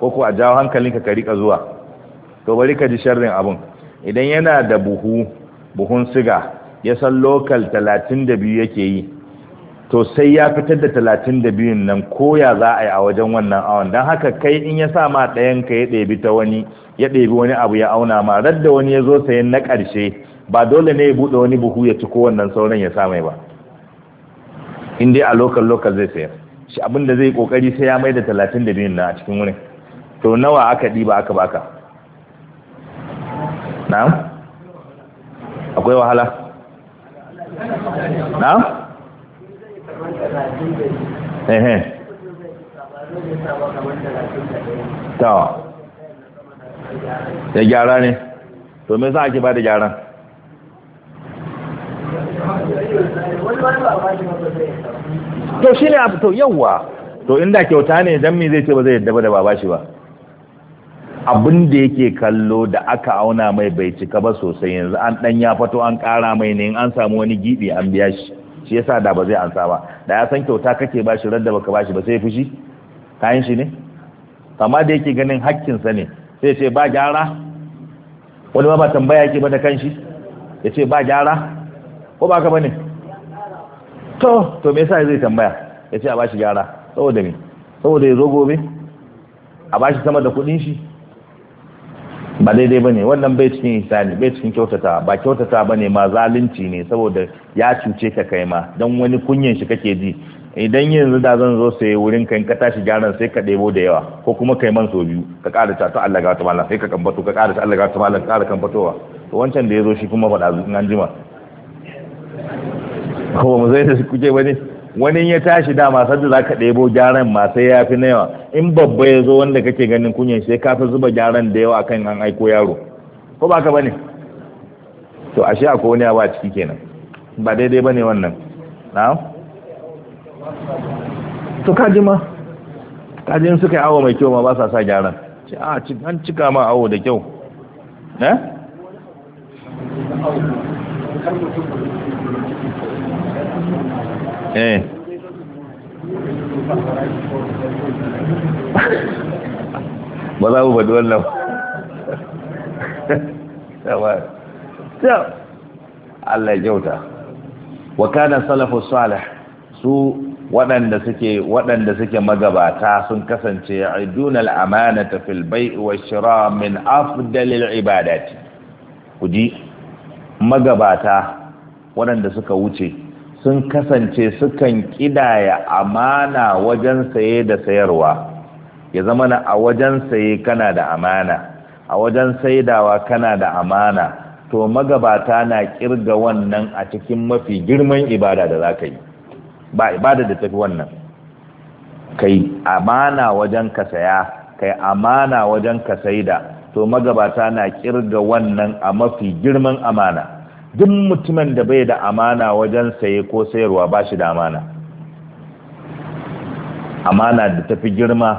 ko ko a jawo hankalin ka ka rika zuwa to bari ka ji sharrin abun idan yana da buhu buhun siga ya san lokal 32 yake yi to sai ya fitar da 32 nan ya za a yi a wajen wannan awon don haka kai in ya sa ma ɗayan ka ya ɗebi ta wani ya ɗebi wani abu ya auna ma radda wani ya zo sayan na ƙarshe ba dole ne ya buɗe wani buhu ya ci kowannan sauran ya samai ba in dai a lokal lokal zai sayar shi abin da zai kokari sai ya mai da talatin da biyun na a cikin wurin to nawa aka ɗiba aka baka na'am akwai wahala na'am ta ya gyara ne to me za a ke ba da gyaran to shi ne abu to yawwa to inda kyauta ne dan me zai ce ba zai yadda ba da ba shi ba abin da yake kallo da aka auna mai bai cika ba sosai yanzu an dan ya fato an kara mai ne an samu wani gibi an biya shi shi yasa da ba zai ansa ba da ya san kyauta kake ba shi radda baka ba shi ba sai fushi kayan shi ne amma da yake ganin hakkin sa ne sai ce ba gyara wani ba tambaya yake ba da kanshi ya ce ba gyara ko ba ka bane to to me yasa zai tambaya ya ce a bashi gyara saboda me saboda ya zo gobe a bashi sama da kudin shi ba daidai bane wannan bai cikin isani bai cikin kyautata ba kyautata bane ma zalunci ne saboda ya cuce ka kai ma dan wani kunyan shi kake ji idan yanzu da zan zo sai wurin kai ka tashi gyaran sai ka ɗebo da yawa ko kuma kai man so biyu ka ƙara ta to Allah ga ta mallaka sai ka kambato ka ƙara ta Allah ga ta ka ƙara kambatowa to wancan da ya zo shi kuma faɗa an jima ko mu zai da kuke wani wani ya tashi da masu da zaka ɗebo gyaran ma sai ya fi na yawa in babba ya zo wanda kake ganin kunyan sai ka fi zuba gyaran da yawa akan an aiko yaro ko ba ka bane to ashe akwai wani abu a ciki kenan ba daidai bane wannan na'am to kaji ma kaji in suka yi awo mai kyau ma ba sa sa gyaran a an cika ma awo da kyau eh Eh. ba za mu faɗi wannan Allah ya kyauta wa kana salafu salih su waɗanda suke waɗanda suke magabata sun kasance a al-amanata fil bai'i wa shira min afdalil ibadati kuji magabata waɗanda suka wuce sun kasance sukan kidaya amana wajen saye da sayarwa ya zama na a wajen saye kana da amana a wajen saidawa kana da amana to magabata na kirga wannan a cikin mafi girman ibada da za ka yi ba ibada da tafi wannan kai amana wajen ka saya kai amana wajen ka saida to magabata na kirga wannan a mafi girman amana duk mutumin da bai da amana wajen saye ko sayarwa ba shi da amana amana da tafi girma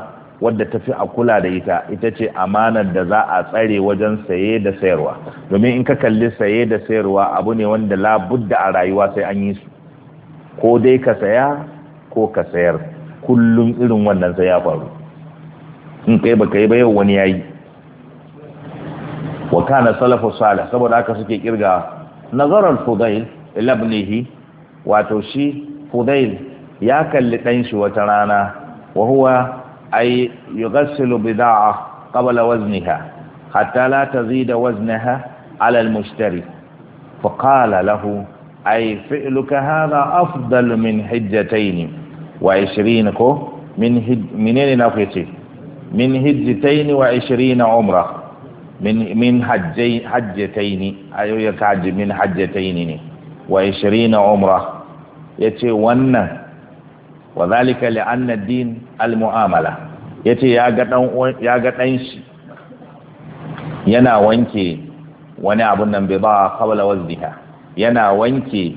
wadda tafi a kula da ita ita ce amanar da za a tsare wajen saye da sayarwa domin in ka kalli saye da sayarwa abu ne wanda labudda a rayuwa sai an yi su ko dai ka saya ko ka sayar kullum irin wannan sai ya faru in kai baka yi ba yau wani ya yi. wa kana salafu salih saboda haka suke kirgawa نظر الفضيل لابنه واتوشي فضيل ياك اللي لتنش وترانا وهو أي يغسل بضاعة قبل وزنها حتى لا تزيد وزنها على المشتري فقال له أي فعلك هذا أفضل من حجتين وعشرين كو من هج من هجتين وعشرين عمره min min hajjai hajjataini ayoyin kaji min hajjataini ne wa 20 umra ce wannan wa zalika li din al muamala ya ce ya ga ɗan shi yana wanke wani abun nan bai ba qabla wazdiha yana wanke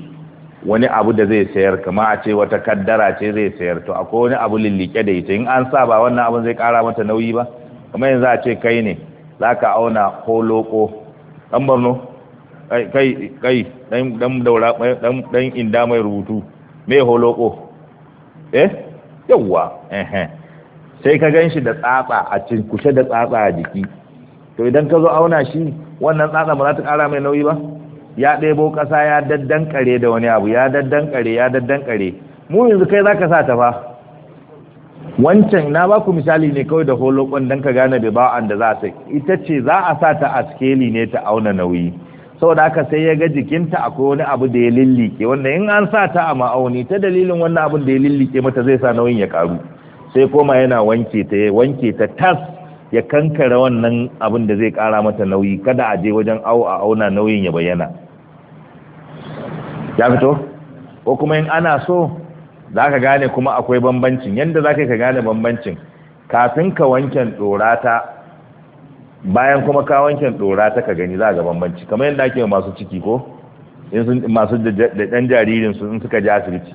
wani abu da zai sayar kama a ce wata kaddara ce zai sayar to akwai wani abu lillike da ita in an sa ba wannan abun zai kara mata nauyi ba kuma yanzu a ce kai ne za ka auna ko loko ɗan barno kai kai ɗan daura ɗan inda mai rubutu mai holoko eh yawwa sai ka gan shi da tsatsa a kushe da tsatsa a jiki to idan ka zo auna shi wannan tsatsa ba za ta ƙara mai nauyi ba ya ɗebo ƙasa ya daddankare da wani abu ya daddankare ya daddankare mu yanzu kai za ka sa ta fa wancan na ba ku misali ne kawai da holokon don ka gane biba'an da za a sai ita ce za a sa ta a skeli ne ta auna nauyi saboda haka sai ya ga jikinta akwai wani abu da ya lillike wanda in an sa ta a ma'auni ta dalilin wannan abin da ya lillike mata zai sa nauyin ya karu sai koma yana wanke ta ya wanke ta tas ya kankare wannan abin da zai kara mata nauyi kada a je wajen au a auna nauyin ya bayyana ya fito ko kuma in ana so za ka gane kuma akwai bambancin yadda za ka gane bambancin kafin ka wanken ɗorata bayan kuma ka wanken ɗorata ka gani za ga bambanci kamar yadda ake masu ciki ko masu da ɗan jaririn sun suka ji asibiti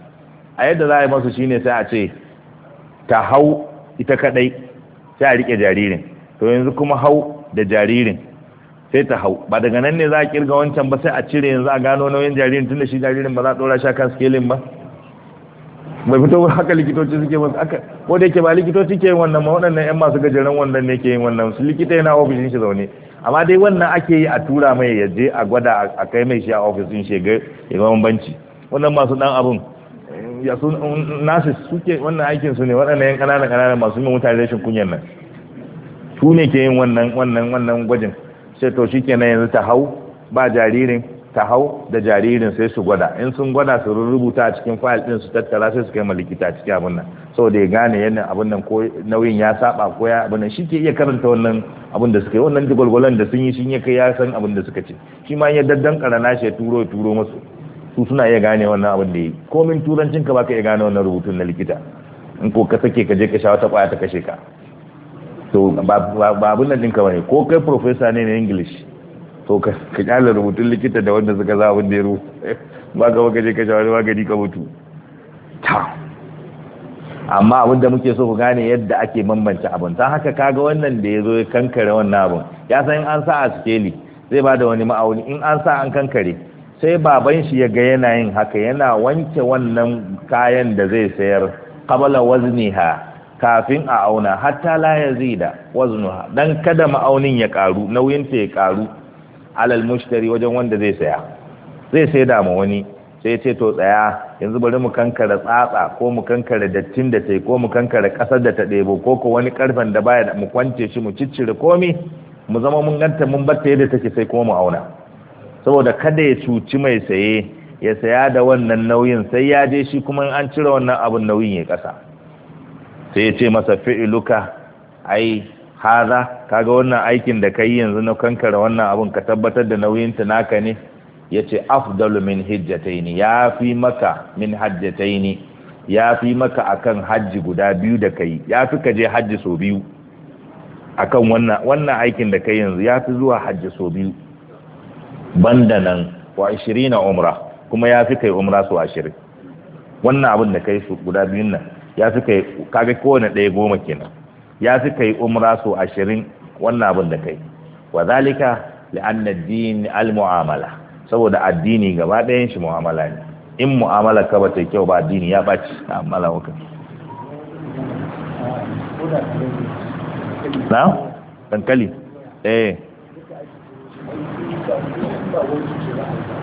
a yadda za a yi masu shine sai a ce ta hau ita kaɗai sai a riƙe jaririn to yanzu kuma hau da jaririn sai ta hau ba daga nan ne za a kirga wancan ba sai a cire yanzu a gano nauyin jaririn tun da shi jaririn ba za a ɗora shi kan skelin ba bai fito haka likitoci suke masu aka ko da yake ba likitoci ke yin wannan ma waɗannan yan masu gajeren wannan ne ke yin wannan su likita yana ofishin shi zaune amma dai wannan ake yi a tura mai ya je a gwada a kai mai shi a ofishin shi ga ya ga banci wannan masu dan abun ya su nasu suke wannan aikin su ne waɗannan yan ƙananan ƙananan masu yin mutane rashin kunyan nan su ne ke yin wannan wannan wannan gwajin sai to shikenan yanzu ta hau ba jaririn ta hau da jaririn sai su gwada in sun gwada su rubuta a cikin fayil din su tattara sai su kai likita cikin abin nan saboda ya gane yana abin nan ko nauyin ya saba ko ya abin nan shi ke iya karanta wannan abin da suka yi wannan jigwalgwalan da sun yi shi ya kai ya san abin da suka ce shi ma ya daddan karana shi ya turo ya turo musu su suna iya gane wannan abin da yi komin turancin ka baka iya gane wannan rubutun na likita in ko ka sake ka je ka sha wata kwaya ta kashe ka to ba abin nan ɗinka ba ne ko kai profesa ne na english so ka kyala rubutun likita da wanda suka za abin da ya ru (laughs) ba ka wakaje je ka shawari magani ka mutu ta amma abin da muke so ku gane yadda ake bambance abin ta haka kaga wannan da ya zo ya kankare wannan abin ya san in an sa a sikeli zai ba da wani ma'auni in an sa an kankare sai baban shi ya ga yana yin haka yana wanke wannan kayan da zai sayar qabala wazniha kafin a auna hatta la yazida waznuha dan kada ma'aunin ya karu nauyin ta ya karu alal mushtari wajen wanda zai saya zai sai da ma wani sai ce to tsaya yanzu bari mu kankare tsatsa ko mu kankare dattin da tai ko mu kankara kasar da ta ɗebo ko ko wani karfen da baya mu kwance shi mu ciccire komi mu zama mun ganta mun batta yadda take sai kuma mu auna saboda kada ya cuci mai saye ya saya da wannan nauyin sai ya je shi kuma an cire wannan abun nauyin ya kasa sai ya ce masa fi'iluka ai haza kaga wannan aikin da kai yanzu na kankara wannan abun ka tabbatar da nauyin naka ne yace afdalu min hijjataini ya fi maka min hajjataini ya fi maka akan hajji guda biyu da kai ya fi ka je hajji so biyu akan wannan wannan aikin da kai yanzu ya fi zuwa hajji so biyu banda nan wa 20 umra kuma ya fi kai umra so 20 wannan abun da kai su guda biyun nan ya fi kai kaga kowane ɗaya goma kenan ya fi kai umra su ashirin wannan abin da kai wa zalika li'anna din al-mu'amala saboda addini gaba ɗayan shi mu'amala ne in mu'amala ka ba ta kyau ba addini ya baci mu'amala waka na dankali eh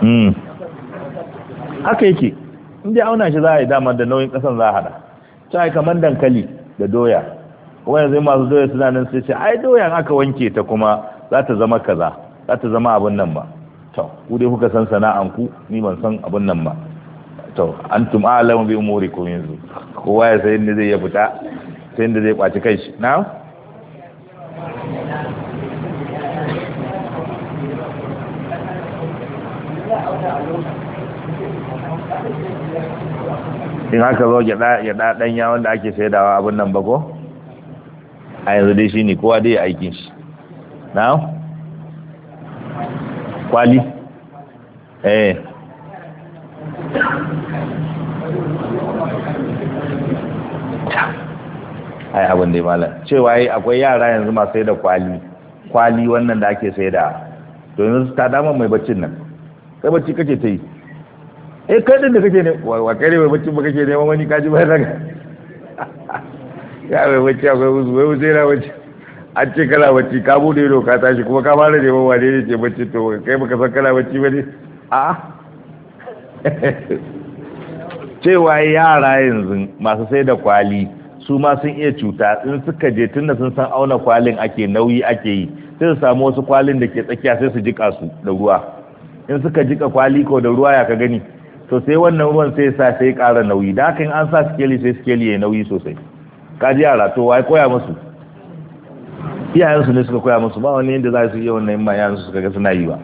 hmm. haka yake inda auna shi za a yi dama da nauyin kasan za a hada ta kamar dankali da doya kuma yanzu masu doya suna nan sai ce ai doyan aka wanke ta kuma za ta zama kaza za ta zama abin nan ba to ku dai kuka san sana'an ku ni ban san abin nan ba to antum a'lamu bi umurikum yanzu kowa ya sai inda zai ya fita sai inda zai kwaci kai shi na in haka zo ya da ya da danya wanda ake saidawa abin nan ba ko a yanzu dai shi ne kowa dai aikin shi na kwali eh ai abin da malam cewa yi akwai yara yanzu masu sai da kwali kwali wannan da ake sai da to yanzu ta dama mai baccin nan sai bacci kake ta yi eh kai din da kake ne wa kare mai baccin ba kake neman wani kaji bayan daga ya mai wacce akwai wuzu wai wuzu yana wacce an ce kana wacce ka bude ido ka tashi kuma ka fara ne mawa ne ce bacci to kai baka san kana bacci ba ne a (laughs) cewa yara yanzu masu sai da kwali su ma sun iya cuta in suka je tun da sun san auna kwalin ake nauyi ake yi sai su samu wasu kwalin da ke tsakiya sai su jika su da ruwa in suka jika kwali ko da ruwa ya ka gani to sai wannan ruwan sai sa sai ƙara nauyi da haka in an sa sikeli sai sikeli ya nauyi sosai kaji yara to wai koya musu iyayensu ne suka koya musu ba wani yadda za su yi wannan ma yayansu suka ga suna yi ba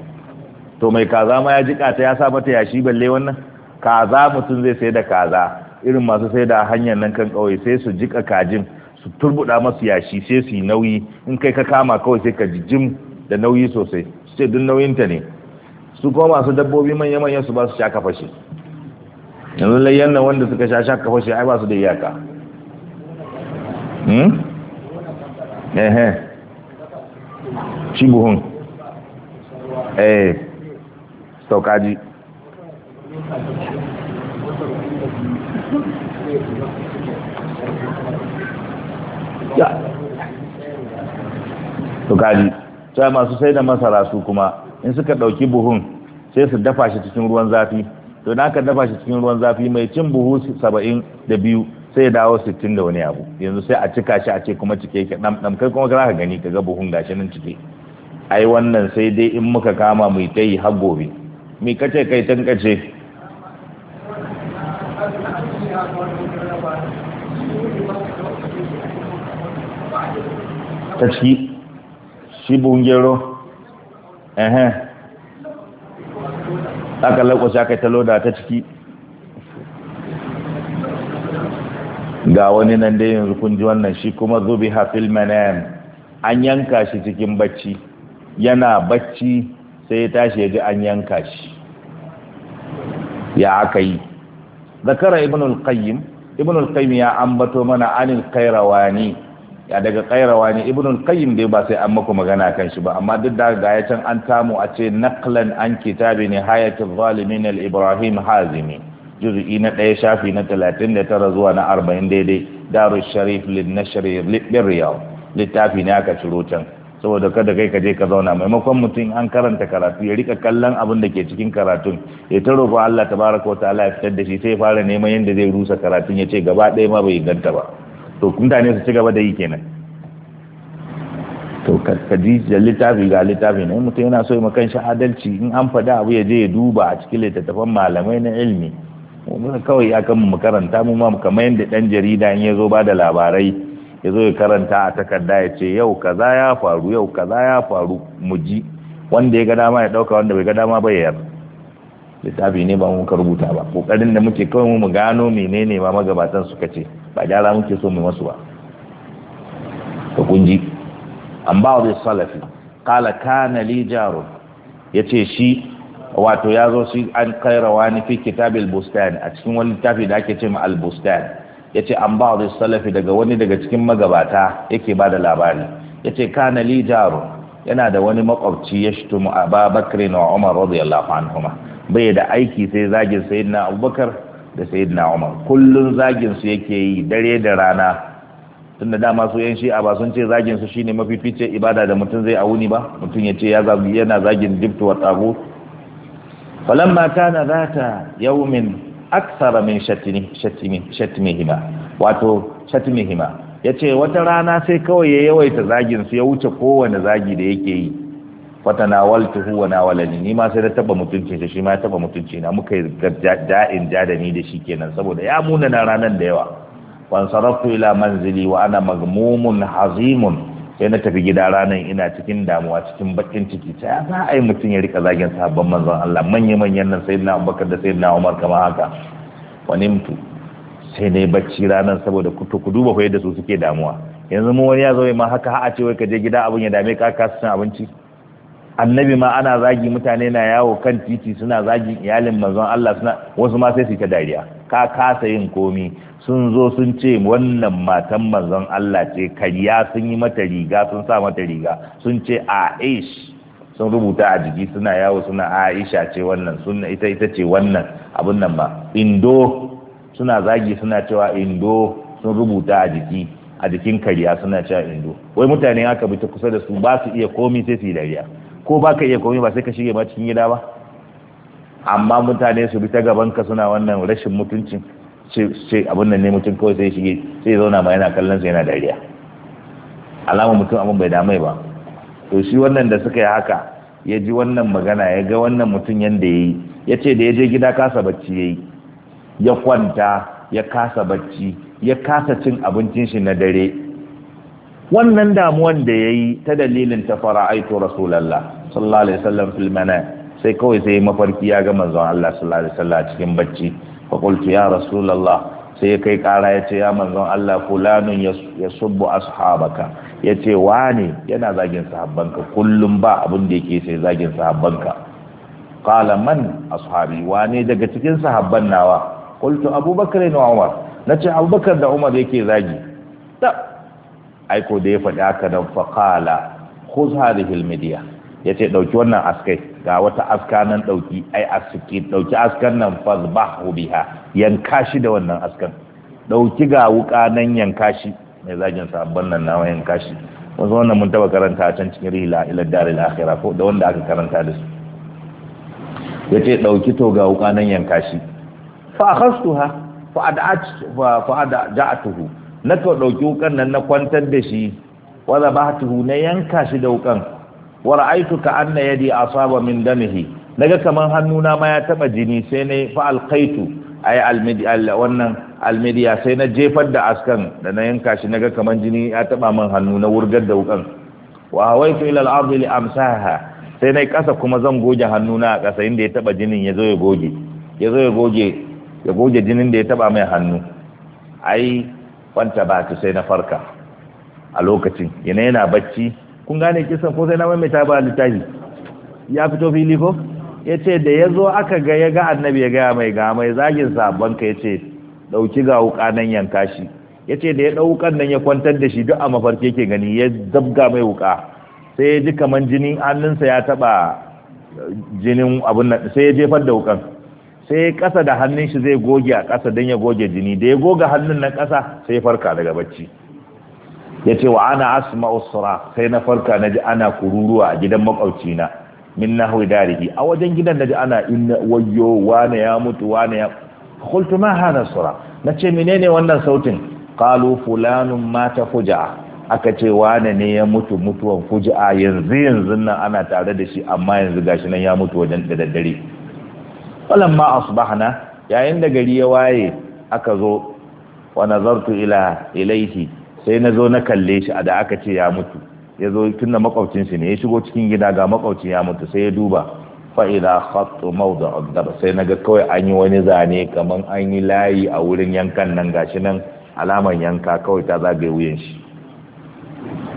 to mai kaza ma ya jika ta ya sa mata yashi balle wannan kaza mutum zai sai da kaza irin masu sai da hanyar nan kan kauye sai su jika kajin su turbuda masu yashi sai su yi nauyi in kai ka kama kawai sai ka jijim da nauyi sosai su ce duk ta ne su kuma masu dabbobi manya-manya su ba su sha kafashi yanzu layyan wanda suka sha sha kafashi ai ba su da iyaka Hmm? ehe shi buhun eh saukaji saukaji masu sai da masara su kuma in suka ɗauki buhun sai su dafa shi cikin ruwan zafi to na ka dafa shi cikin ruwan zafi mai cin buhu saba'in da biyu sai ya dawo sittin da wani abu yanzu sai a cika shi a ce kuma cike yake ɗam kai kuma za ka gani ka ga buhun gashi nan cike ai wannan sai dai in muka kama mu ta yi har gobe mai kace kai kace ta ciki shi buhun gero ehe aka lakwasa kai ta loda ta ciki ga wani nan dai yanzu kun ji wannan shi kuma zubi hafil manam an yanka shi cikin bacci yana bacci sai ya tashi ya ji an yanka shi ya aka yi zakara ibn al ibn al ya ambato mana anil qayrawani ya daga qayrawani ibn al dai ba sai an muku magana kan shi ba amma duk da ga ya can an tamu a ce naqlan an kitabi nihayatul zalimin al-ibrahim hazimi juz'i na ɗaya shafi na talatin da tara zuwa na arba'in daidai daru sharif lin nashri riyal littafi ne aka ciro can saboda kada kai ka je ka zauna maimakon mutum an karanta karatu ya rika kallon abin da ke cikin karatun ya ta roƙo Allah ta wa ta'ala ya fitar da shi sai fara neman yadda zai rusa karatun ya ce gaba ɗaya ma bai ganta ba to mutane su ci gaba da yi kenan to ka ji da littafi ga littafi ne mutum yana so ya makan shi adalci in an faɗa abu ya je ya duba a cikin littattafan malamai na ilimi. mun kawai ya kan mu karanta mu ma kamar yadda dan jarida in ya zo ba da labarai ya zo ya karanta a takarda ya ce yau kaza ya faru yau kaza ya faru mu ji wanda ya ga dama ya dauka wanda bai ga dama ba ya littafi ne ba mu ka rubuta ba kokarin da muke kawai mu gano menene ma magabatan suka ce ba gyara muke so mu masu ba Ka kunji an ba wa salafi qala kana li ya yace shi wato ya zo shi an kai rawani fi kitabil bustan a cikin wani littafi da ake ce ma al bustan yace an ba wa salafi daga wani daga cikin magabata yake ba da labari yace kana li jaru yana da wani makwabci ya a babakar na umar radiyallahu anhuma bai da aiki sai zagin na abubakar da na umar kullun zagin su yake yi dare da rana tunda dama su yan shi'a ba sun ce zagin su shine mafificin ibada da mutum zai a wuni ba mutum ya ce yana zagin jibtu wa tagut mata na zata min aksara min shatmihima wato shatmihima yace wata rana sai kawai ya yawaita zagin su ya wuce kowane zagi da yake yi na huwa wa walani ni ma sai da taba mutunci shi ma taba mutunci na muka yi da'in jadani da shi kenan saboda ya munana ranar da yawa wan saraftu ila manzili wa ana magmumun hazimun sai na tafi gida ranar ina cikin damuwa cikin bakin ciki ta za a yi mutum ya rika zagin sabon manzon Allah manya-manyan nan sai na abubakar da sai na umar kama haka wani mutu sai na yi bacci ranar saboda kuto ku duba kwaye da su suke damuwa yanzu mu wani ya zo ma haka a ce wai ka je gida abin ya dame ka ka cin abinci annabi ma ana zagi mutane na yawo kan titi suna zagin iyalin manzon Allah suna wasu ma sai su ta dariya ka kasa yin komi sun zo sun ce wannan matan manzon Allah ce karya sun yi mata riga sun sa mata riga sun ce aish sun rubuta a jiki suna yawo suna aisha ce wannan suna ita ita ce wannan abin nan ba indo suna zagi suna cewa indo sun rubuta a jiki a jikin karya suna cewa indo wai mutane aka bi ta kusa da su ba su iya komi sai su yi dariya ko ba ka iya komi ba sai ka shige ma cikin gida ba amma mutane su bi ta gaban ka suna wannan rashin mutuncin sai abin nan ne mutum kawai sai shige sai zauna ma yana kallon sa yana dariya alama mutum abin bai damai ba to shi wannan da suka yi haka ya ji wannan magana ya ga wannan mutum yanda ya yi ya ce da ya je gida kasa bacci ya yi ya kwanta ya kasa bacci ya kasa cin abincin shi na dare wannan damuwan da ya yi ta dalilin ta fara aito rasulallah sallallahu alaihi wasallam fil sai kawai sai mafarki ya ga manzon Allah sallallahu alaihi wasallam cikin bacci fa ya rasulallah sai kai kara ya ce ya manzon Allah fulanun ya subbu ashabaka ya ce ne yana zagin sahabbanka kullum ba abin da yake sai zagin sahabbanka qala man ashabi wane daga cikin sahabban nawa qultu abubakar ne umar ce abubakar da umar yake zagi da aiko da ya faɗi haka nan fakala qala khudh hadhihi al ya ce ɗauki wannan askai ga wata aska nan ɗauki ai aski ɗauki askan nan fasbah ha, yanka shi da wannan askan ɗauki ga wuka nan yanka shi mai zagin sabon nan nawa yanka shi wasu wannan mun taba karanta a can cikin rila ila daril akira ko da wanda aka karanta da su Ya ce ɗauki to ga wuka nan yanka shi fa ha fa ad'at fa ad'atuhu na ka ɗauki wukan nan na kwantar da shi wa tuhu na yanka shi da wukan wa ka anna yadi asaba min damihi naga kaman hannuna ma ya taba jini sai ne fa alqaitu ay almidi wannan almidiya sai na jefar da askan da na yanka shi naga kaman jini ya taba man hannu na wurgar da wukan wa hawaitu ila al-ardi li amsaha sai na kasa kuma zan goge hannuna a kasa inda ya taba jinin ya zo ya goge ya zo ya goge ya goge jinin da ya taba mai hannu ai kwanta ba sai na farka a lokacin yana yana bacci kun gane kisan ko sai na ta ba littafi ya fito fili ko ya ce da ya zo aka ga ya ga annabi ya gaya mai ga mai zagin sabon ka ya ce ɗauki ga wuka nan yanka shi ya ce da ya ɗaukan nan ya kwantar da shi duk a mafarki ke gani ya zabga mai wuka sai ya ji kamar jinin hannunsa ya taɓa jinin abin nan sai ya jefar da wukan sai ƙasa da hannun shi zai goge a ƙasa don ya goge jini da ya goga hannun nan ƙasa sai ya farka daga bacci ya ce wa ana asma usra sai na farka na ji ana kururuwa a gidan na. min na hau darihi a wajen gidan na ji ana ina wayo wane ya mutu wane ya kultu ma hana sura na ce menene wannan sautin qalu fulanun mata fuja'a aka ce wane ne ya mutu mutuwan fuja'a yanzu yanzu nan ana tare da shi amma yanzu gashi nan ya mutu wajen da daddare falamma asbahna yayin da gari ya waye aka zo wa nazartu ila ilaihi sai na zo na kalle shi a da aka ce ya mutu ya zo tun da makwabcin shi ne ya shigo cikin gida ga makwabci ya mutu sai ya duba fa'ida khattu mawda addab sai naga kawai an yi wani zane kaman an yi layi a wurin yankan nan gashi nan alaman yanka kawai ta zagaye wuyan shi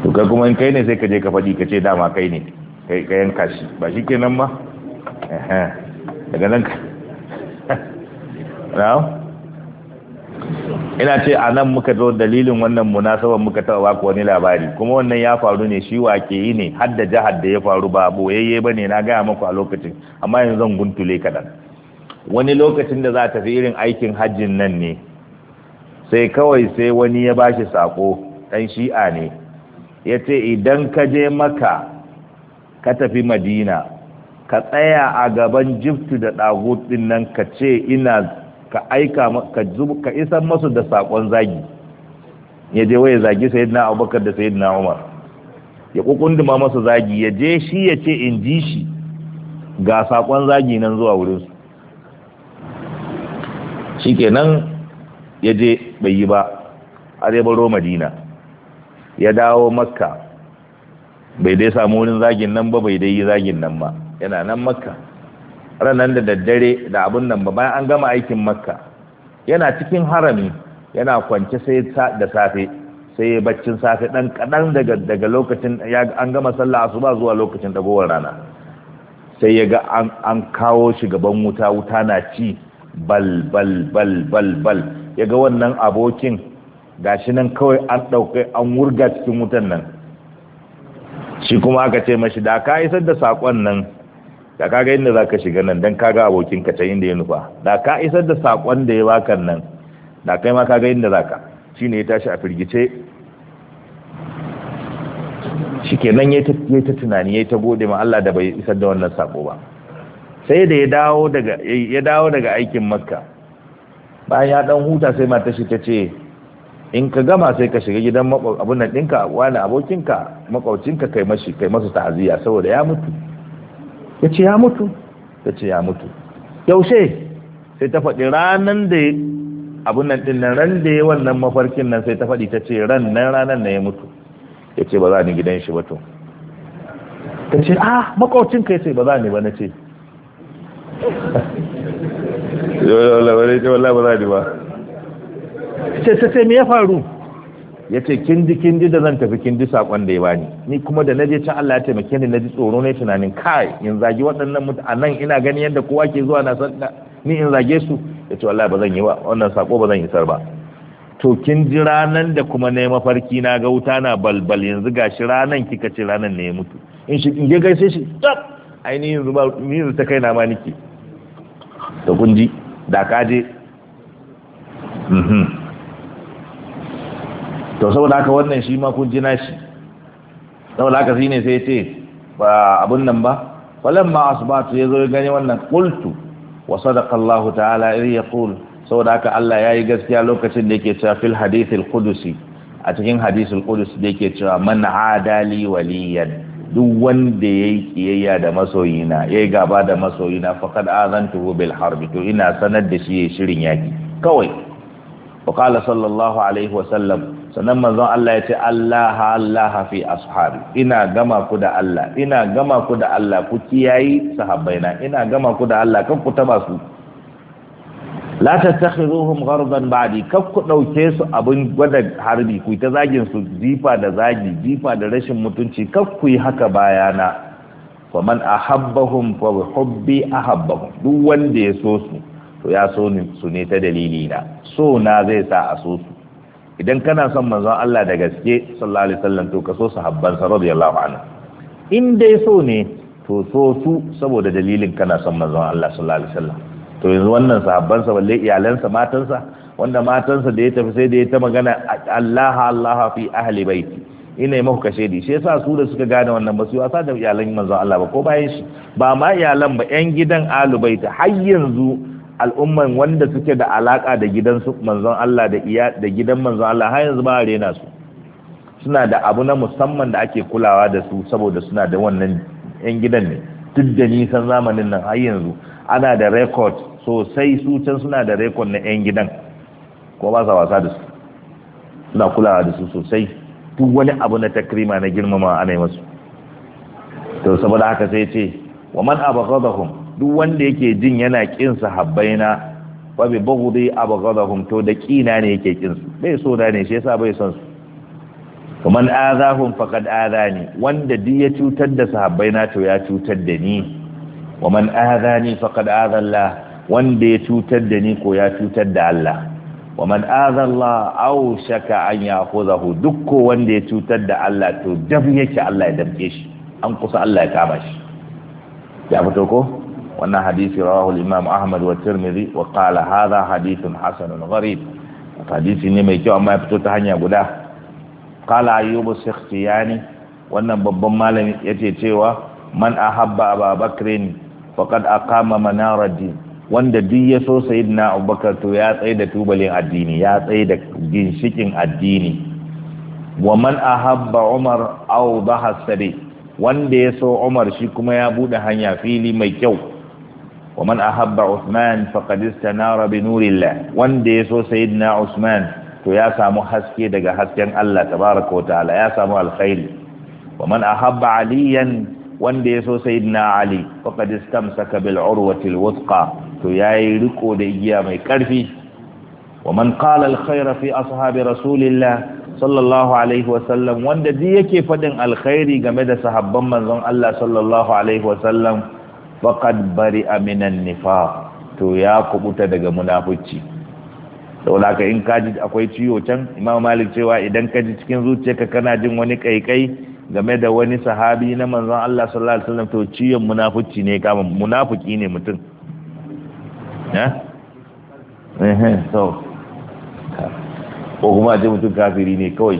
to kuma in kai ne sai ka je ka faɗi ka ce dama kai ne kai ka yanka shi ba shi kenan ma daga nan ka (laughs) na'am ina ce a nan muka zo dalilin wannan munasabar muka taɓa ku wani labari kuma wannan ya faru ne shi wake yi ne har jihar da ya faru ba boyayye ba ne na gaya maku a lokacin amma yanzu zan guntule kaɗan wani lokacin da za ta fi irin aikin hajjin nan ne sai kawai sai wani ya ba shi sako ɗan shi'a ne ya ce idan ka je maka ka tafi madina ka tsaya a gaban jiftu da ɗagu ɗin nan ka ce ina ka aika ka ka isar masu da sakon zagi ya je waye zagi sayyidina Abubakar da sayyidina Umar ya kukunduma masa zagi ya je shi ya ce in ji shi ga sakon zagi nan zuwa wurin su nan ya je bai yi ba har ya baro Madina ya dawo Makka bai dai samu wurin zagin nan ba bai dai yi zagin nan ba yana nan Makka ranar da daddare da abin nan ba bayan an gama aikin makka yana cikin harami yana kwance sai da safe sai ya baccin safe dan kadan daga daga lokacin an gama sallah asuba zuwa lokacin dagowar rana sai ya ga an an kawo shi gaban wuta wuta na ci bal bal bal bal bal ya ga wannan abokin gashi nan kawai an dauke an wurga cikin wutan nan shi kuma aka ce mashi da ka isar da sakon nan da kaga inda za ka shiga nan don kaga abokin ka ta inda ya nufa da ka isar da saƙon da ya baka nan da kai ma kaga inda za ka shi ne ya tashi a firgice shi nan ya ta tunani ya ta gode ma Allah da bai isar da wannan saƙo ba sai da ya dawo daga aikin makka bayan ya dan huta sai mata shi ta ce in ka gama sai ka shiga gidan abin nan ɗinka wani abokinka makwabcinka kai mashi kai masu ta'aziyya saboda ya mutu ya ce ya mutu ta ce ya mutu yaushe sai ta faɗi ranan da abin nan ɗin nan ran da ya wannan mafarkin nan sai ta faɗi ta ce ran nan ranan na ya mutu ya ce ba za ni gidan shi ba to ta ce a ah, makaucin kai sai ba za ni ba na ce yau wala wala ce ba za ni ba ce ta ce me ya faru ya ce kindi kindi da zan tafi kindi sakon da ya bani ni kuma da na je can Allah ya taimake ni na ji tsoro ne tunanin kai in zagi waɗannan mutanen ina ganin yadda kowa ke zuwa na san ni in zage su ya ce wallahi ba zan yi ba wannan sako ba zan isar ba to kin ji ranan da kuma na mafarki na ga wuta na balbal yanzu gashi ranan kika ce ranan ne ya mutu in shi in gaishe shi stop ainihin yanzu ba ni yanzu ta na ma nike da kun ji da ka je mhm. to saboda haka wannan shi ma kun ji nashi saboda haka shine sai ce ba abun nan ba falamma asbatu yazo ya zo gani wannan qultu wa sadaqa ta'ala ta'ala ya yaqul saboda haka Allah ya yi gaskiya lokacin da yake cewa fil hadithil qudusi a cikin hadisul qudusi da yake cewa man adali waliyan duk wanda yayi kiyayya da masoyina yayi gaba da masoyina faqad azantuhu bil harbi to ina sanar da shi ya shirin yaki kawai wa qala sallallahu alaihi wa sallam sannan manzon Allah ya ce Allah Allah fi ashabi ina gama ku da Allah ina gama ku da Allah ku kiyayi sahabbaina ina gama ku da Allah kan ku taba su la tattakhiruhum ghardan ba'di kaf ku dauke su abin gwada harbi ku ta zagin su jifa da zagi jifa da rashin mutunci kaf ku yi haka bayana wa man ahabbahum fa hubbi ahabbahum duk wanda ya so su to ya so su ne ta dalili na so na zai sa a so su idan kana son manzon Allah da gaske sallallahu alaihi wasallam to ka so sahabban sa radiyallahu anhu in dai so ne to so su saboda dalilin kana son manzon Allah sallallahu alaihi wasallam to yanzu wannan sahabban sa balle iyalansa matansa wanda matansa da ya tafi sai da ya ta magana Allah Allah fi ahli baiti ina yi maku kashe shi yasa su da suka gane wannan ba su wasa da iyalan manzon Allah ba ko bayan shi ba ma iyalan ba yan gidan alubaita har yanzu al'umman wanda suke da alaka da gidan su manzon Allah da iya da gidan manzon Allah har yanzu ba rena su suna da abu na musamman da ake kulawa da su saboda suna da wannan yan gidan ne duk da nisan zamanin nan har yanzu ana da record sosai su can suna da record na yan gidan ko ba sa wasa da su suna kulawa da su sosai duk wani abu na takrima na girmama ana yi masu to saboda haka sai ce wa man abaghadahum duk wanda yake jin yana kin habbaina wa bi bughdi abghadahum to da kina ne yake kin su bai so da ne shi yasa bai son su kaman azahum faqad azani wanda duk ya cutar da sahabbaina to ya cutar da ni wa man azani faqad azalla wanda ya cutar da ni ko ya cutar da Allah wa man azalla aw shaka an ya'khudhahu duk ko wanda ya cutar da Allah to dab yake Allah ya dabke shi an kusa Allah ya kama shi ya fito ko wannan hadisi rawahu al-imam Ahmad wa Tirmidhi wa qala hadha hadithun hasanun gharib hadisi ne mai kyau amma ya fito ta hanya guda qala ayyub sikhtiyani wannan babban malami yace cewa man ahabba Abu Bakrin faqad aqama manar din wanda duk ya so sayyidina Abubakar to ya tsaye da tubalin addini ya tsaye da ginshikin addini wa man ahabba Umar aw dhaha wanda ya so Umar shi kuma ya bude hanya fili mai kyau wa haba ahabba Uthman faqad istanara bi nurillah wanda yaso sayyidina Uthman to ya samu haske daga hasken Allah tabaaraka wa ta'ala ya samu alkhairi wa man ahabba Aliyan wanda yaso sayyidina Ali faqad istamsaka bil urwati alwuthqa to yayi riko da igiya mai karfi wa man qala alkhayra ashabi rasulillah sallallahu alaihi sallam wanda duk yake fadin alkhairi game da sahaban manzon Allah sallallahu alaihi sallam faqad bari aminan nifaq to ya kubuta daga munafici saboda haka in kaji akwai ciwo can imam malik cewa idan kaji cikin zuciyarka kana jin wani kaikai game da wani sahabi na manzon Allah sallallahu alaihi wasallam to ciyon munafici ne kama munafiki ne mutum eh eh so ko kuma ji mutum kafiri ne kawai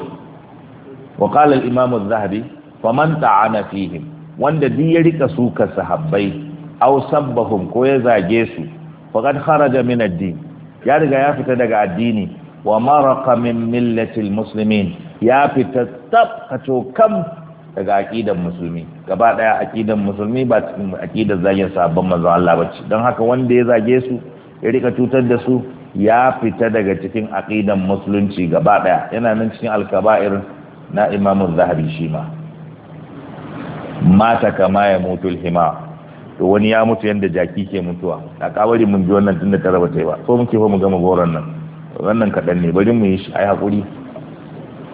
wa qala al imam az-zahabi faman ta'ana fihim wanda duk ya rika suka sahabbai aw sabbahum ko ya zage su faqad kharaja min ad-din ya riga ya fita daga addini wa maraqa min millatil muslimin ya fita tab kato kam daga aqidan musulmi gaba daya aqidan musulmi ba cikin aqidan zagin sabon manzo Allah bace dan haka wanda ya zage su ya rika cutar da su ya fita daga cikin aqidan musulunci gaba daya yana nan cikin alkaba'ir na imamu Zahabi shima. mata kama ya mutul hima to wani ya mutu yadda jaki ke mutuwa a kawari mun ji wannan tunda ta raba ta yi ba so muke fa mu gama goron nan wannan kaɗan ne bari mu yi shi ai hakuri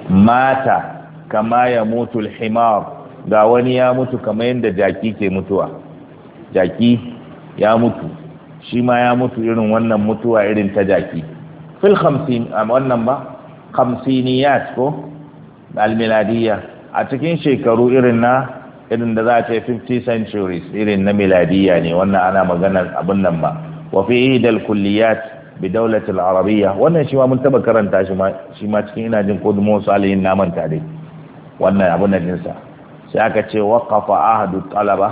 mata kama ya mutu himar ga wani ya mutu kama yadda jaki ke mutuwa jaki ya mutu shi ma ya mutu irin wannan mutuwa irin ta jaki fil khamsin a wannan ba khamsiniyat ko al miladiyya a cikin shekaru irin na irin da za a ce 50 centuries irin na miladiya ne wannan ana maganar abin nan ba wa fi idal kulliyat bi dawlati arabiyya wannan shi ma mun taba karanta shi ma shi ma cikin ina jin ko dumo salihin na manta dai wannan abin nan sai aka ce waqafa ahadu talaba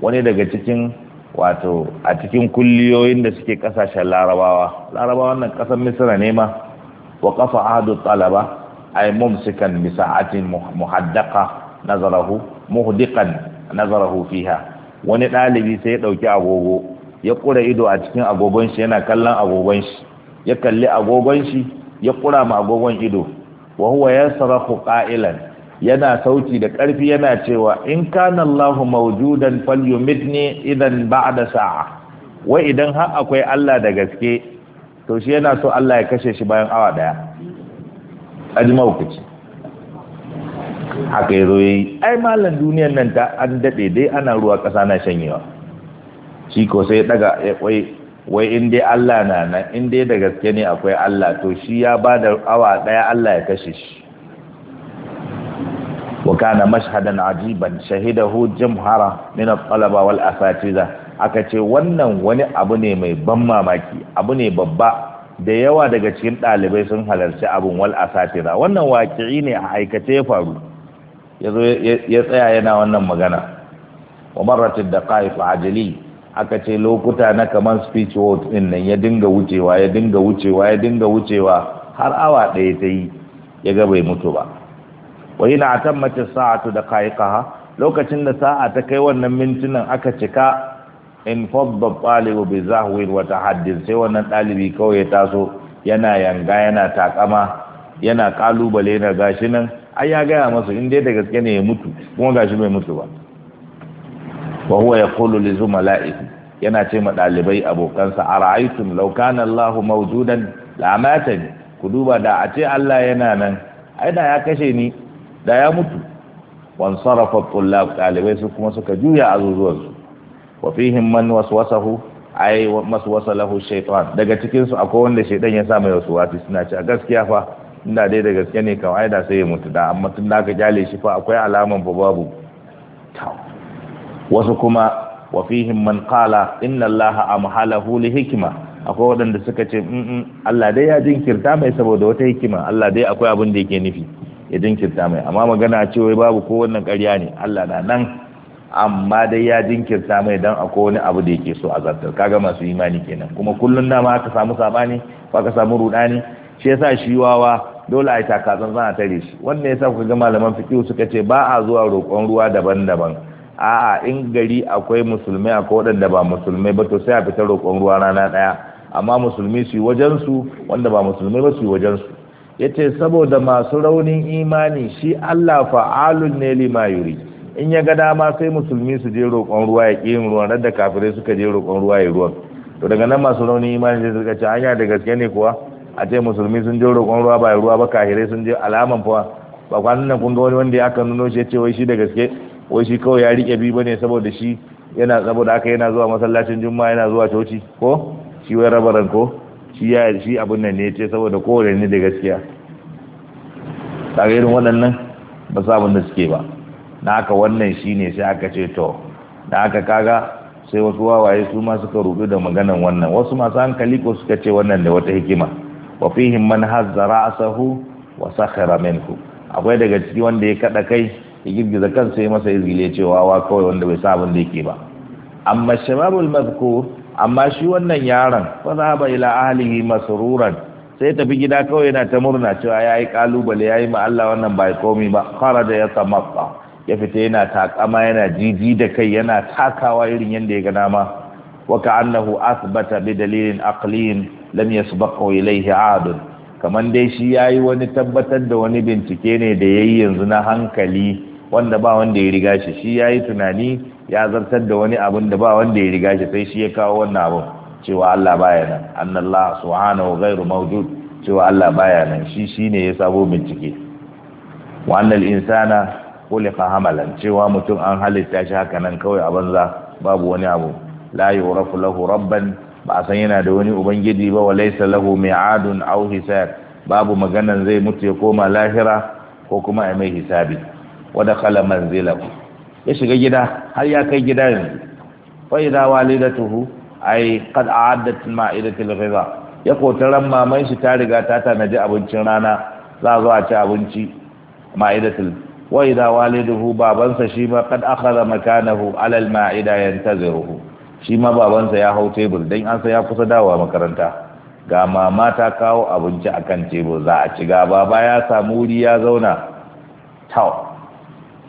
wani daga cikin wato a cikin kulliyoyin da suke kasashen larabawa larabawa wannan kasar misra ne ma waqafa ahadu talaba ay mumsikan bi sa'atin muhaddaqa nazarahu muhdiqan nazarahu fiha wani ɗalibi sai ya ɗauki agogo ya kura ido a cikin agogon shi yana kallon agogon shi ya kalli agogon shi ya kura ma agogon ido wa huwa yasrahu qa'ilan yana sauti da karfi yana cewa in kana Allahu mawjudan falyumitni idan ba'da sa'a wai idan har akwai Allah da gaske to shi yana so Allah ya kashe shi bayan awa daya ajmau kici haka ya ya yi ai malam duniyan nan ta an daɗe dai ana ruwa ƙasa na shanyewa shi ko sai daga ya kwai wai in dai Allah na nan in dai da gaske ne akwai Allah to shi ya ba da awa ɗaya Allah ya kashe shi wa kana mashhadan ajiban shahidahu jamhara min al-talaba wal asatiza aka ce wannan wani abu ne mai ban mamaki abu ne babba da yawa daga cikin ɗalibai sun halarci abin wal asatira wannan waƙi'i ne a aikace ya faru ya ya tsaya yana wannan magana wa da daqaiq ajali aka ce lokuta na kamar speech world din nan ya dinga wucewa ya dinga wucewa ya dinga wucewa har awa ɗaya ta yi ya ga bai mutu ba wa hina tammata sa'atu daqaiqaha lokacin da sa'a ta kai wannan mintunan aka cika in fadda talibu bi zahwin wa haddin sai wannan dalibi kawai ya taso yana yanga yana takama yana ƙalubale na gashi nan ai ya gaya masu in dai da gaske ne ya mutu kuma gashi bai mutu ba wa huwa yaqulu li zumala'ihi yana ce ma ɗalibai abokansa a law kana Allah mawjudan la matani ku duba da a ce Allah yana nan ai da ya kashe ni da ya mutu wan sarafa tullab dalibai su kuma suka juya azuzuwansu wa fihim man waswasahu ai maswasa lahu shaytan daga cikin su akwai wanda shaytan ya sa mai wasu suna ce a gaskiya fa da dai da gaske ne kawai da sai ya mutu da amma tun da ka kyale shi fa akwai alaman fa babu wasu kuma wa fihim man qala inna allaha amhalahu li hikma akwai waɗanda suka ce Allah dai ya jinkirta mai saboda wata hikima Allah dai akwai abin da yake nufi ya jinkirta mai amma magana ce wai babu ko wannan ƙarya ne Allah na nan amma dai ya jinkirta mai dan akwai wani abu da yake so a zartar kaga masu imani kenan kuma kullun dama aka samu sabani ko aka samu rudani shi yasa shi wawa dole a yi takatsan zan tare shi wannan yasa kuka ga malaman fiqh suka ce ba a zuwa roƙon ruwa daban-daban a'a in gari akwai musulmai akwai waɗanda ba musulmai ba to sai a fita roƙon ruwa rana daya amma musulmi su yi wajen su wanda ba musulmai ba su yi wajen su yace saboda masu raunin imani shi Allah fa'alun ne lima yuri in ya ga dama sai musulmi su je roƙon ruwa ya ƙi ruwan da kafirai suka je roƙon ruwa ya ruwa to daga nan masu raunin imani sai suka ce hanya da gaske ne kuwa a ce musulmi sun je roƙon ruwa ba ruwa ba kahirai sun je alaman fa ba kwanan nan kun ga wani wanda aka nuno shi ya ce wai shi da gaske wai shi kawai ya rike bi bane saboda shi yana saboda haka yana zuwa masallacin juma'a yana zuwa coci ko shi wai rabaran ko shi ya shi abin nan ne ya ce saboda kowane ne da gaskiya kaga irin waɗannan ba sa abin da suke ba na haka wannan shi ne sai aka ce to da haka kaga sai wasu wawaye su ma suka rubu da maganan wannan wasu masu hankali ko suka ce wannan da wata hikima wa fihim man hazza ra'sahu wa sakhara minhu akwai daga ciki wanda ya kada kai ya girgiza kansa ya masa izgile cewa wa kawai wanda bai sa abin da yake ba amma shababul mazkur amma shi wannan yaron fa zaba ila ahlihi masruran sai tafi gida kawai yana ta murna cewa yayi kalubale yayi ma Allah wannan bai komi ba kharaja ya tamatta ya fita yana takama yana jiji da kai yana takawa irin yanda ya ga dama wa ka'annahu asbata bi dalilin aqliyin lam yasbaqu ilayhi adun kaman dai shi yayi wani tabbatar da wani bincike ne da yayi yanzu na hankali wanda ba wanda ya riga shi shi yayi tunani ya zartar da wani abin da ba wanda ya riga shi sai shi ya kawo wannan abin cewa Allah baya nan annallahu subhanahu ghayru mawjud cewa Allah baya nan shi shine ya sabo bincike wa annal insana khuliqa hamalan cewa mutum an halitta shi haka nan kawai a banza babu wani abu la yurafu lahu rabban ba a san yana da wani ubangiji ba wa laysa lahu mi'adun aw hisab babu maganan zai mutu ya koma lahira ko kuma a mai hisabi wa dakhala manzilahu ya shiga gida har ya kai gida yanzu fa idza walidatuhu ay qad a'addat ma'idatul ghidha ya kotaran maman shi ta riga ta tanaji abincin rana za a zo a ci abinci ma'idatul wa idza waliduhu babansa shi ma qad akhadha makanahu ala al ma'ida yantaziruhu shi ma babansa ya hau tebur don an sa ya kusa dawowa makaranta ga mama ta kawo abinci a kan tebur za a ci ga baba ya samu wuri ya zauna tau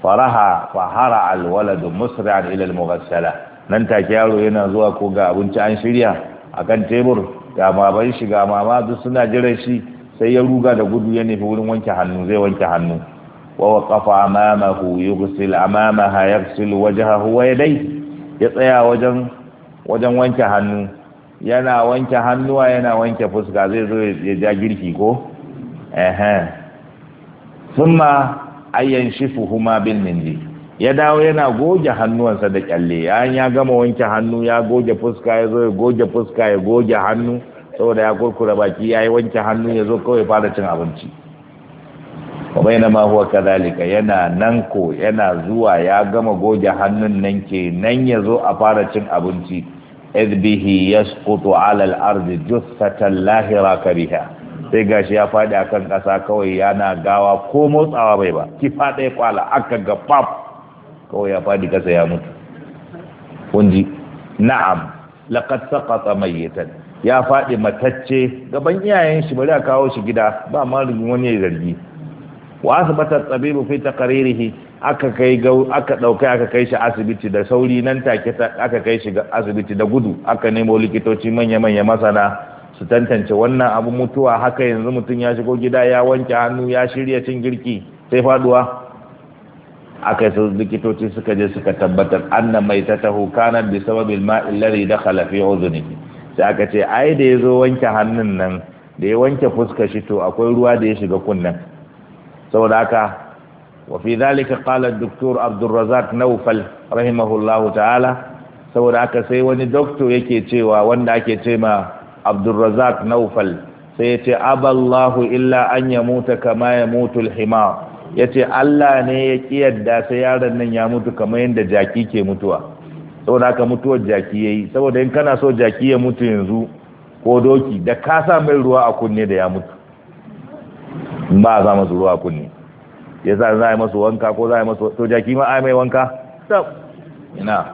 faraha fahara alwaladu musra'an ilal almughassala nan take yaro yana zuwa ko ga abinci an shirya A kan tebur ga baban shi ga mama duk suna jiran shi sai ya ruga da gudu ya nufi wurin wanke hannu zai wanke hannu wa waqafa amamahu yughsil amamaha yaghsil wajhahu wa yadayhi ya tsaya wajen wajen wanke hannu yana wanke hannuwa yana wanke fuska zai zo ya ja girki ko ehem summa ayyan huma bil minji ya dawo yana goge hannuwansa da kyalle yayin ya gama wanke hannu ya goge fuska ya zo ya goge fuska ya goge hannu saboda ya kurkura baki ya yi wanke hannu ya zo kawai fara cin abinci wa ma huwa kadhalika yana nan ko yana zuwa ya gama goge hannun nan ke nan ya zo a fara cin abinci إذ به يسقط على الأرض جثة لا هراك sai gashi ya faɗi a kan ƙasa kawai yana gawa ko motsawa bai ba ki faɗa ya kwala aka ga pap kawai ya faɗi ƙasa ya mutu kunji na'am laqad saqata mayyitan ya faɗi matacce gaban iyayen shi bari a kawo shi gida ba ma wani ya zargi wa asbata tabibu fi taqririhi aka kai aka ɗauka aka kai shi asibiti da sauri nan take aka kai shi asibiti da gudu aka nemo likitoci manya-manya masana su tantance wannan abu mutuwa haka yanzu mutum ya shigo gida ya wanke hannu ya shirya cin girki sai faduwa aka su likitoci suka je suka tabbatar Annan mai ta taho kanar bi sababin ma'in lari da khalafi uzuni sai aka ce ai da ya zo wanke hannun nan da ya wanke fuska shi to akwai ruwa da ya shiga kunnen saboda haka وفي ذلك قال الدكتور عبد الرزاق نوفل رحمه الله تعالى saboda haka sai wani doktor yake cewa wanda ake ce ma Abdulrazak Naufal sai yace aballahu illa an mutu kama yamutul Ya yace Allah ne ya kiyarda sai yaron nan ya mutu kamar yadda jaki ke mutuwa saboda haka mutuwar jaki yayi saboda in kana so jaki ya mutu yanzu ko doki da ka sa mai ruwa a kunne da ya mutu ba za mu ruwa a kunne ya za a yi masu wanka ko za a yi masu to jaki ma a yi mai wanka sab ina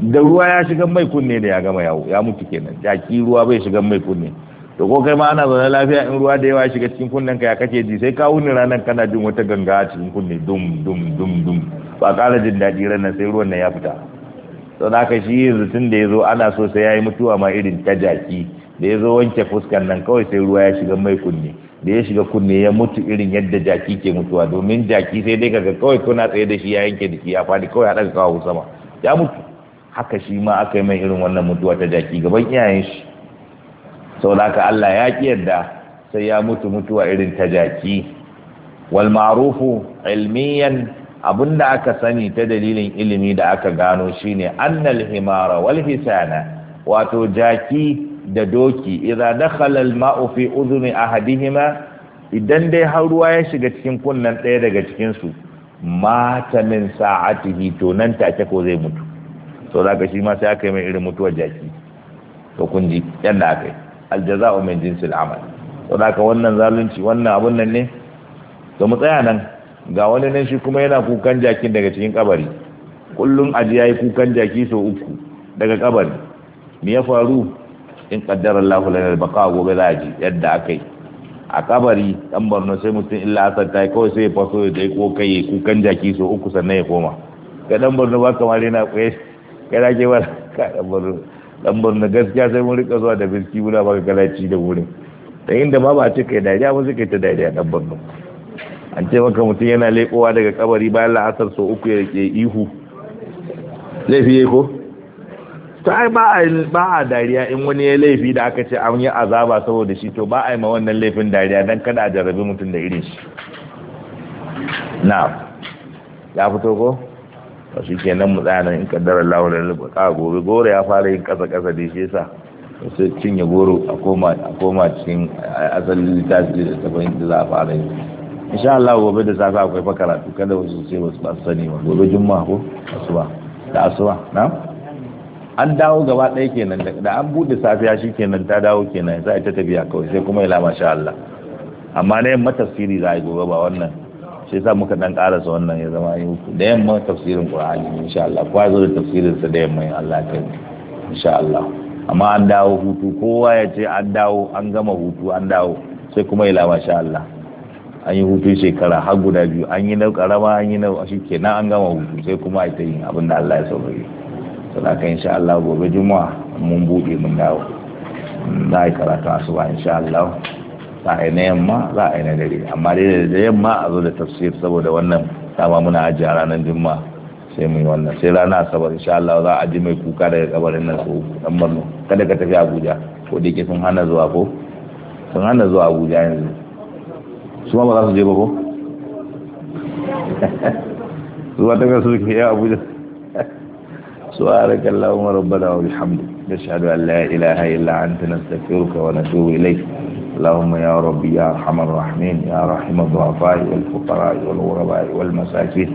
da ruwa ya shiga mai kunne da ya gama yawo ya mutu kenan jaki ruwa bai shiga mai kunne to ko kai ma ana zaune lafiya in ruwa da yawa ya shiga cikin kunnen ka ya kace ji sai kawo ni ranar kana jin wata ganga a cikin kunne dum dum dum dum ba kala jin daɗi ranar sai ruwan nan ya fita sau da aka shi yanzu da ya zo ana so sai ya yi mutuwa ma irin ta jaki da ya zo wanke fuskan nan kawai sai ruwa ya shiga mai kunne da ya shiga kunne ya mutu irin yadda jaki ke mutuwa domin jaki sai dai kaga kawai kuna tsaye da shi ya yanke jiki ya faɗi kawai haɗa kawo sama ya mutu haka shi ma aka yi mai irin wannan mutuwa ta jaki gaban iyayen shi sau da haka Allah ya ƙi yadda sai ya mutu mutuwa irin ta jaki wal ma'rufu ilmiyan da aka sani ta dalilin ilimi da aka gano shine annal himara wal hisana wato jaki da doki idza dakhala al-ma'u fi udhni ahadihima idan dai har ruwa ya shiga cikin kunnan ɗaya daga cikin su mata min sa'atihi to nan take ko zai mutu to zaka shi ma sai aka yi mai irin mutuwar jaki to kun ji yanda aka yi aljaza'u min jinsil amal to zaka wannan zalunci wannan abun nan ne to mu tsaya nan ga wani nan shi kuma yana kukan jakin daga cikin kabari kullum aji yayi kukan jaki sau uku daga kabari me ya faru in kaddara Allahu lana al gobe za a ji yadda yi a kabari dan Borno sai mutum illa asar tai kawai sai ya faso ya dai ko kai kukan jaki so uku sannan ya koma ga dan Borno ba kamar yana kwaye eh? kai da ke ba ka dan (laughs) Borno dan Borno gaskiya sai mun rika zuwa da biski muna baka galaci da wuri da inda ba ba ce kai dariya ba suka ta dariya dan Borno an ce maka mutum yana lekowa daga kabari bayan la'asar sau uku ya ihu laifi yayi ko to ai ba a ba a dariya in wani ya laifi da aka ce an yi azaba saboda shi to ba a yi ma wannan laifin dariya dan kada a jarrabe mutum da irin shi na ya fito ko to shi kenan mu tsaya nan in kaddara Allah da rubuta gobe gore ya fara yin kasa kasa da shi yasa sai cinye goro a koma a koma cikin asalin littafi da tabayin da za a fara yi insha Allah gobe da safe akwai fa karatu kada wasu sai wasu ba su sani ba gobe juma'a ko asuba da asuba na'am an dawo gaba ɗaya kenan da an buɗe safiya shi kenan ta dawo kenan za a ta tafiya kawai sai kuma ila masha Allah amma na yamma tafsiri za a yi gobe ba wannan shi sa muka dan karasa wannan ya zama yi da yamma tafsirin Qur'ani insha Allah ko zo da tafsirin sa da yamma in Allah yi insha Allah amma an dawo hutu kowa ya ce an dawo an gama hutu an dawo sai kuma ila masha Allah an yi hutu shekara har guda biyu an yi na karama an yi na shi kenan an gama hutu sai kuma a ta yin abin da Allah ya saurari. sadaka insha Allah gobe juma'a mun bude mun dawo za a yi karatu asuba insha Allah za a yi na yamma za a yi na dare amma dai da yamma a zo da tafsir saboda wannan dama muna ajiye ranar juma'a sai mu yi wannan sai rana asabar insha Allah za a ji mai kuka daga kabarin nan so dan Borno kada ka tafi Abuja ko da ke sun hana zuwa ko sun hana zuwa Abuja yanzu su ma ba za su je ba ko zuwa (laughs) ta ga su ke Abuja سؤالك اللهم ربنا وبحمدك نشهد أن لا إله إلا أنت نستغفرك ونتوب إليك اللهم يا ربي يا أرحم الراحمين يا رحم الضعفاء والفقراء والغرباء والمساكين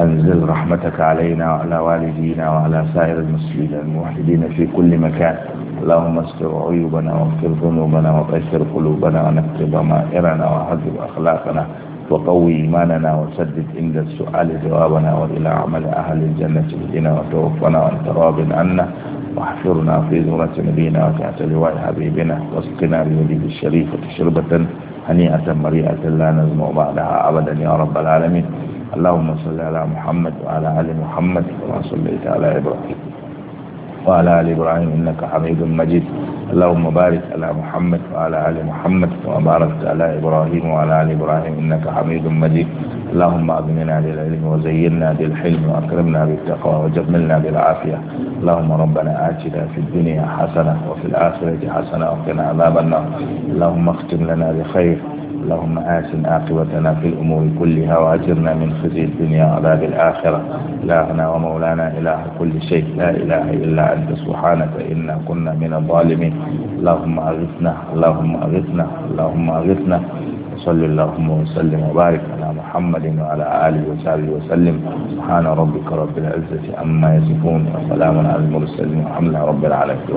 أنزل رحمتك علينا وعلى والدينا وعلى سائر المسلمين الموحدين في كل مكان اللهم استر عيوبنا واغفر ذنوبنا وطهر قلوبنا ونكتب ضمائرنا وهذب أخلاقنا وقوي إيماننا وسدد عند السؤال جوابنا وإلى عمل أهل الجنة بنا وتوفنا وأنت راض عنا واحفرنا في زمرة نبينا وتحت لواء حبيبنا واسقنا بيده الشريفة شربة هنيئة مريئة لا نزمع بعدها أبدا يا رب العالمين اللهم صل على محمد وعلى آل محمد كما صليت على إبراهيم وعلى آل إبراهيم إنك حميد مجيد اللهم بارك على محمد وعلى آل محمد وبارك على إبراهيم وعلى آل إبراهيم إنك حميد مجيد اللهم أغننا بالعلم وزينا بالحلم وأكرمنا بالتقوى وجملنا بالعافية اللهم ربنا آتنا في الدنيا حسنة وفي الآخرة حسنة وقنا عذاب النار اللهم اختم لنا بخير اللهم آسن عاقبتنا في الأمور كلها وأجرنا من خزي الدنيا وعذاب الآخرة إلهنا ومولانا إله كل شيء لا إله إلا أنت سبحانك إنا كنا من الظالمين اللهم أغثنا اللهم أغثنا اللهم أغثنا صل اللهم وسلم وبارك على محمد وعلى آله وصحبه وسلم سبحان ربك رب العزة عما يصفون وسلام على المرسلين والحمد لله رب العالمين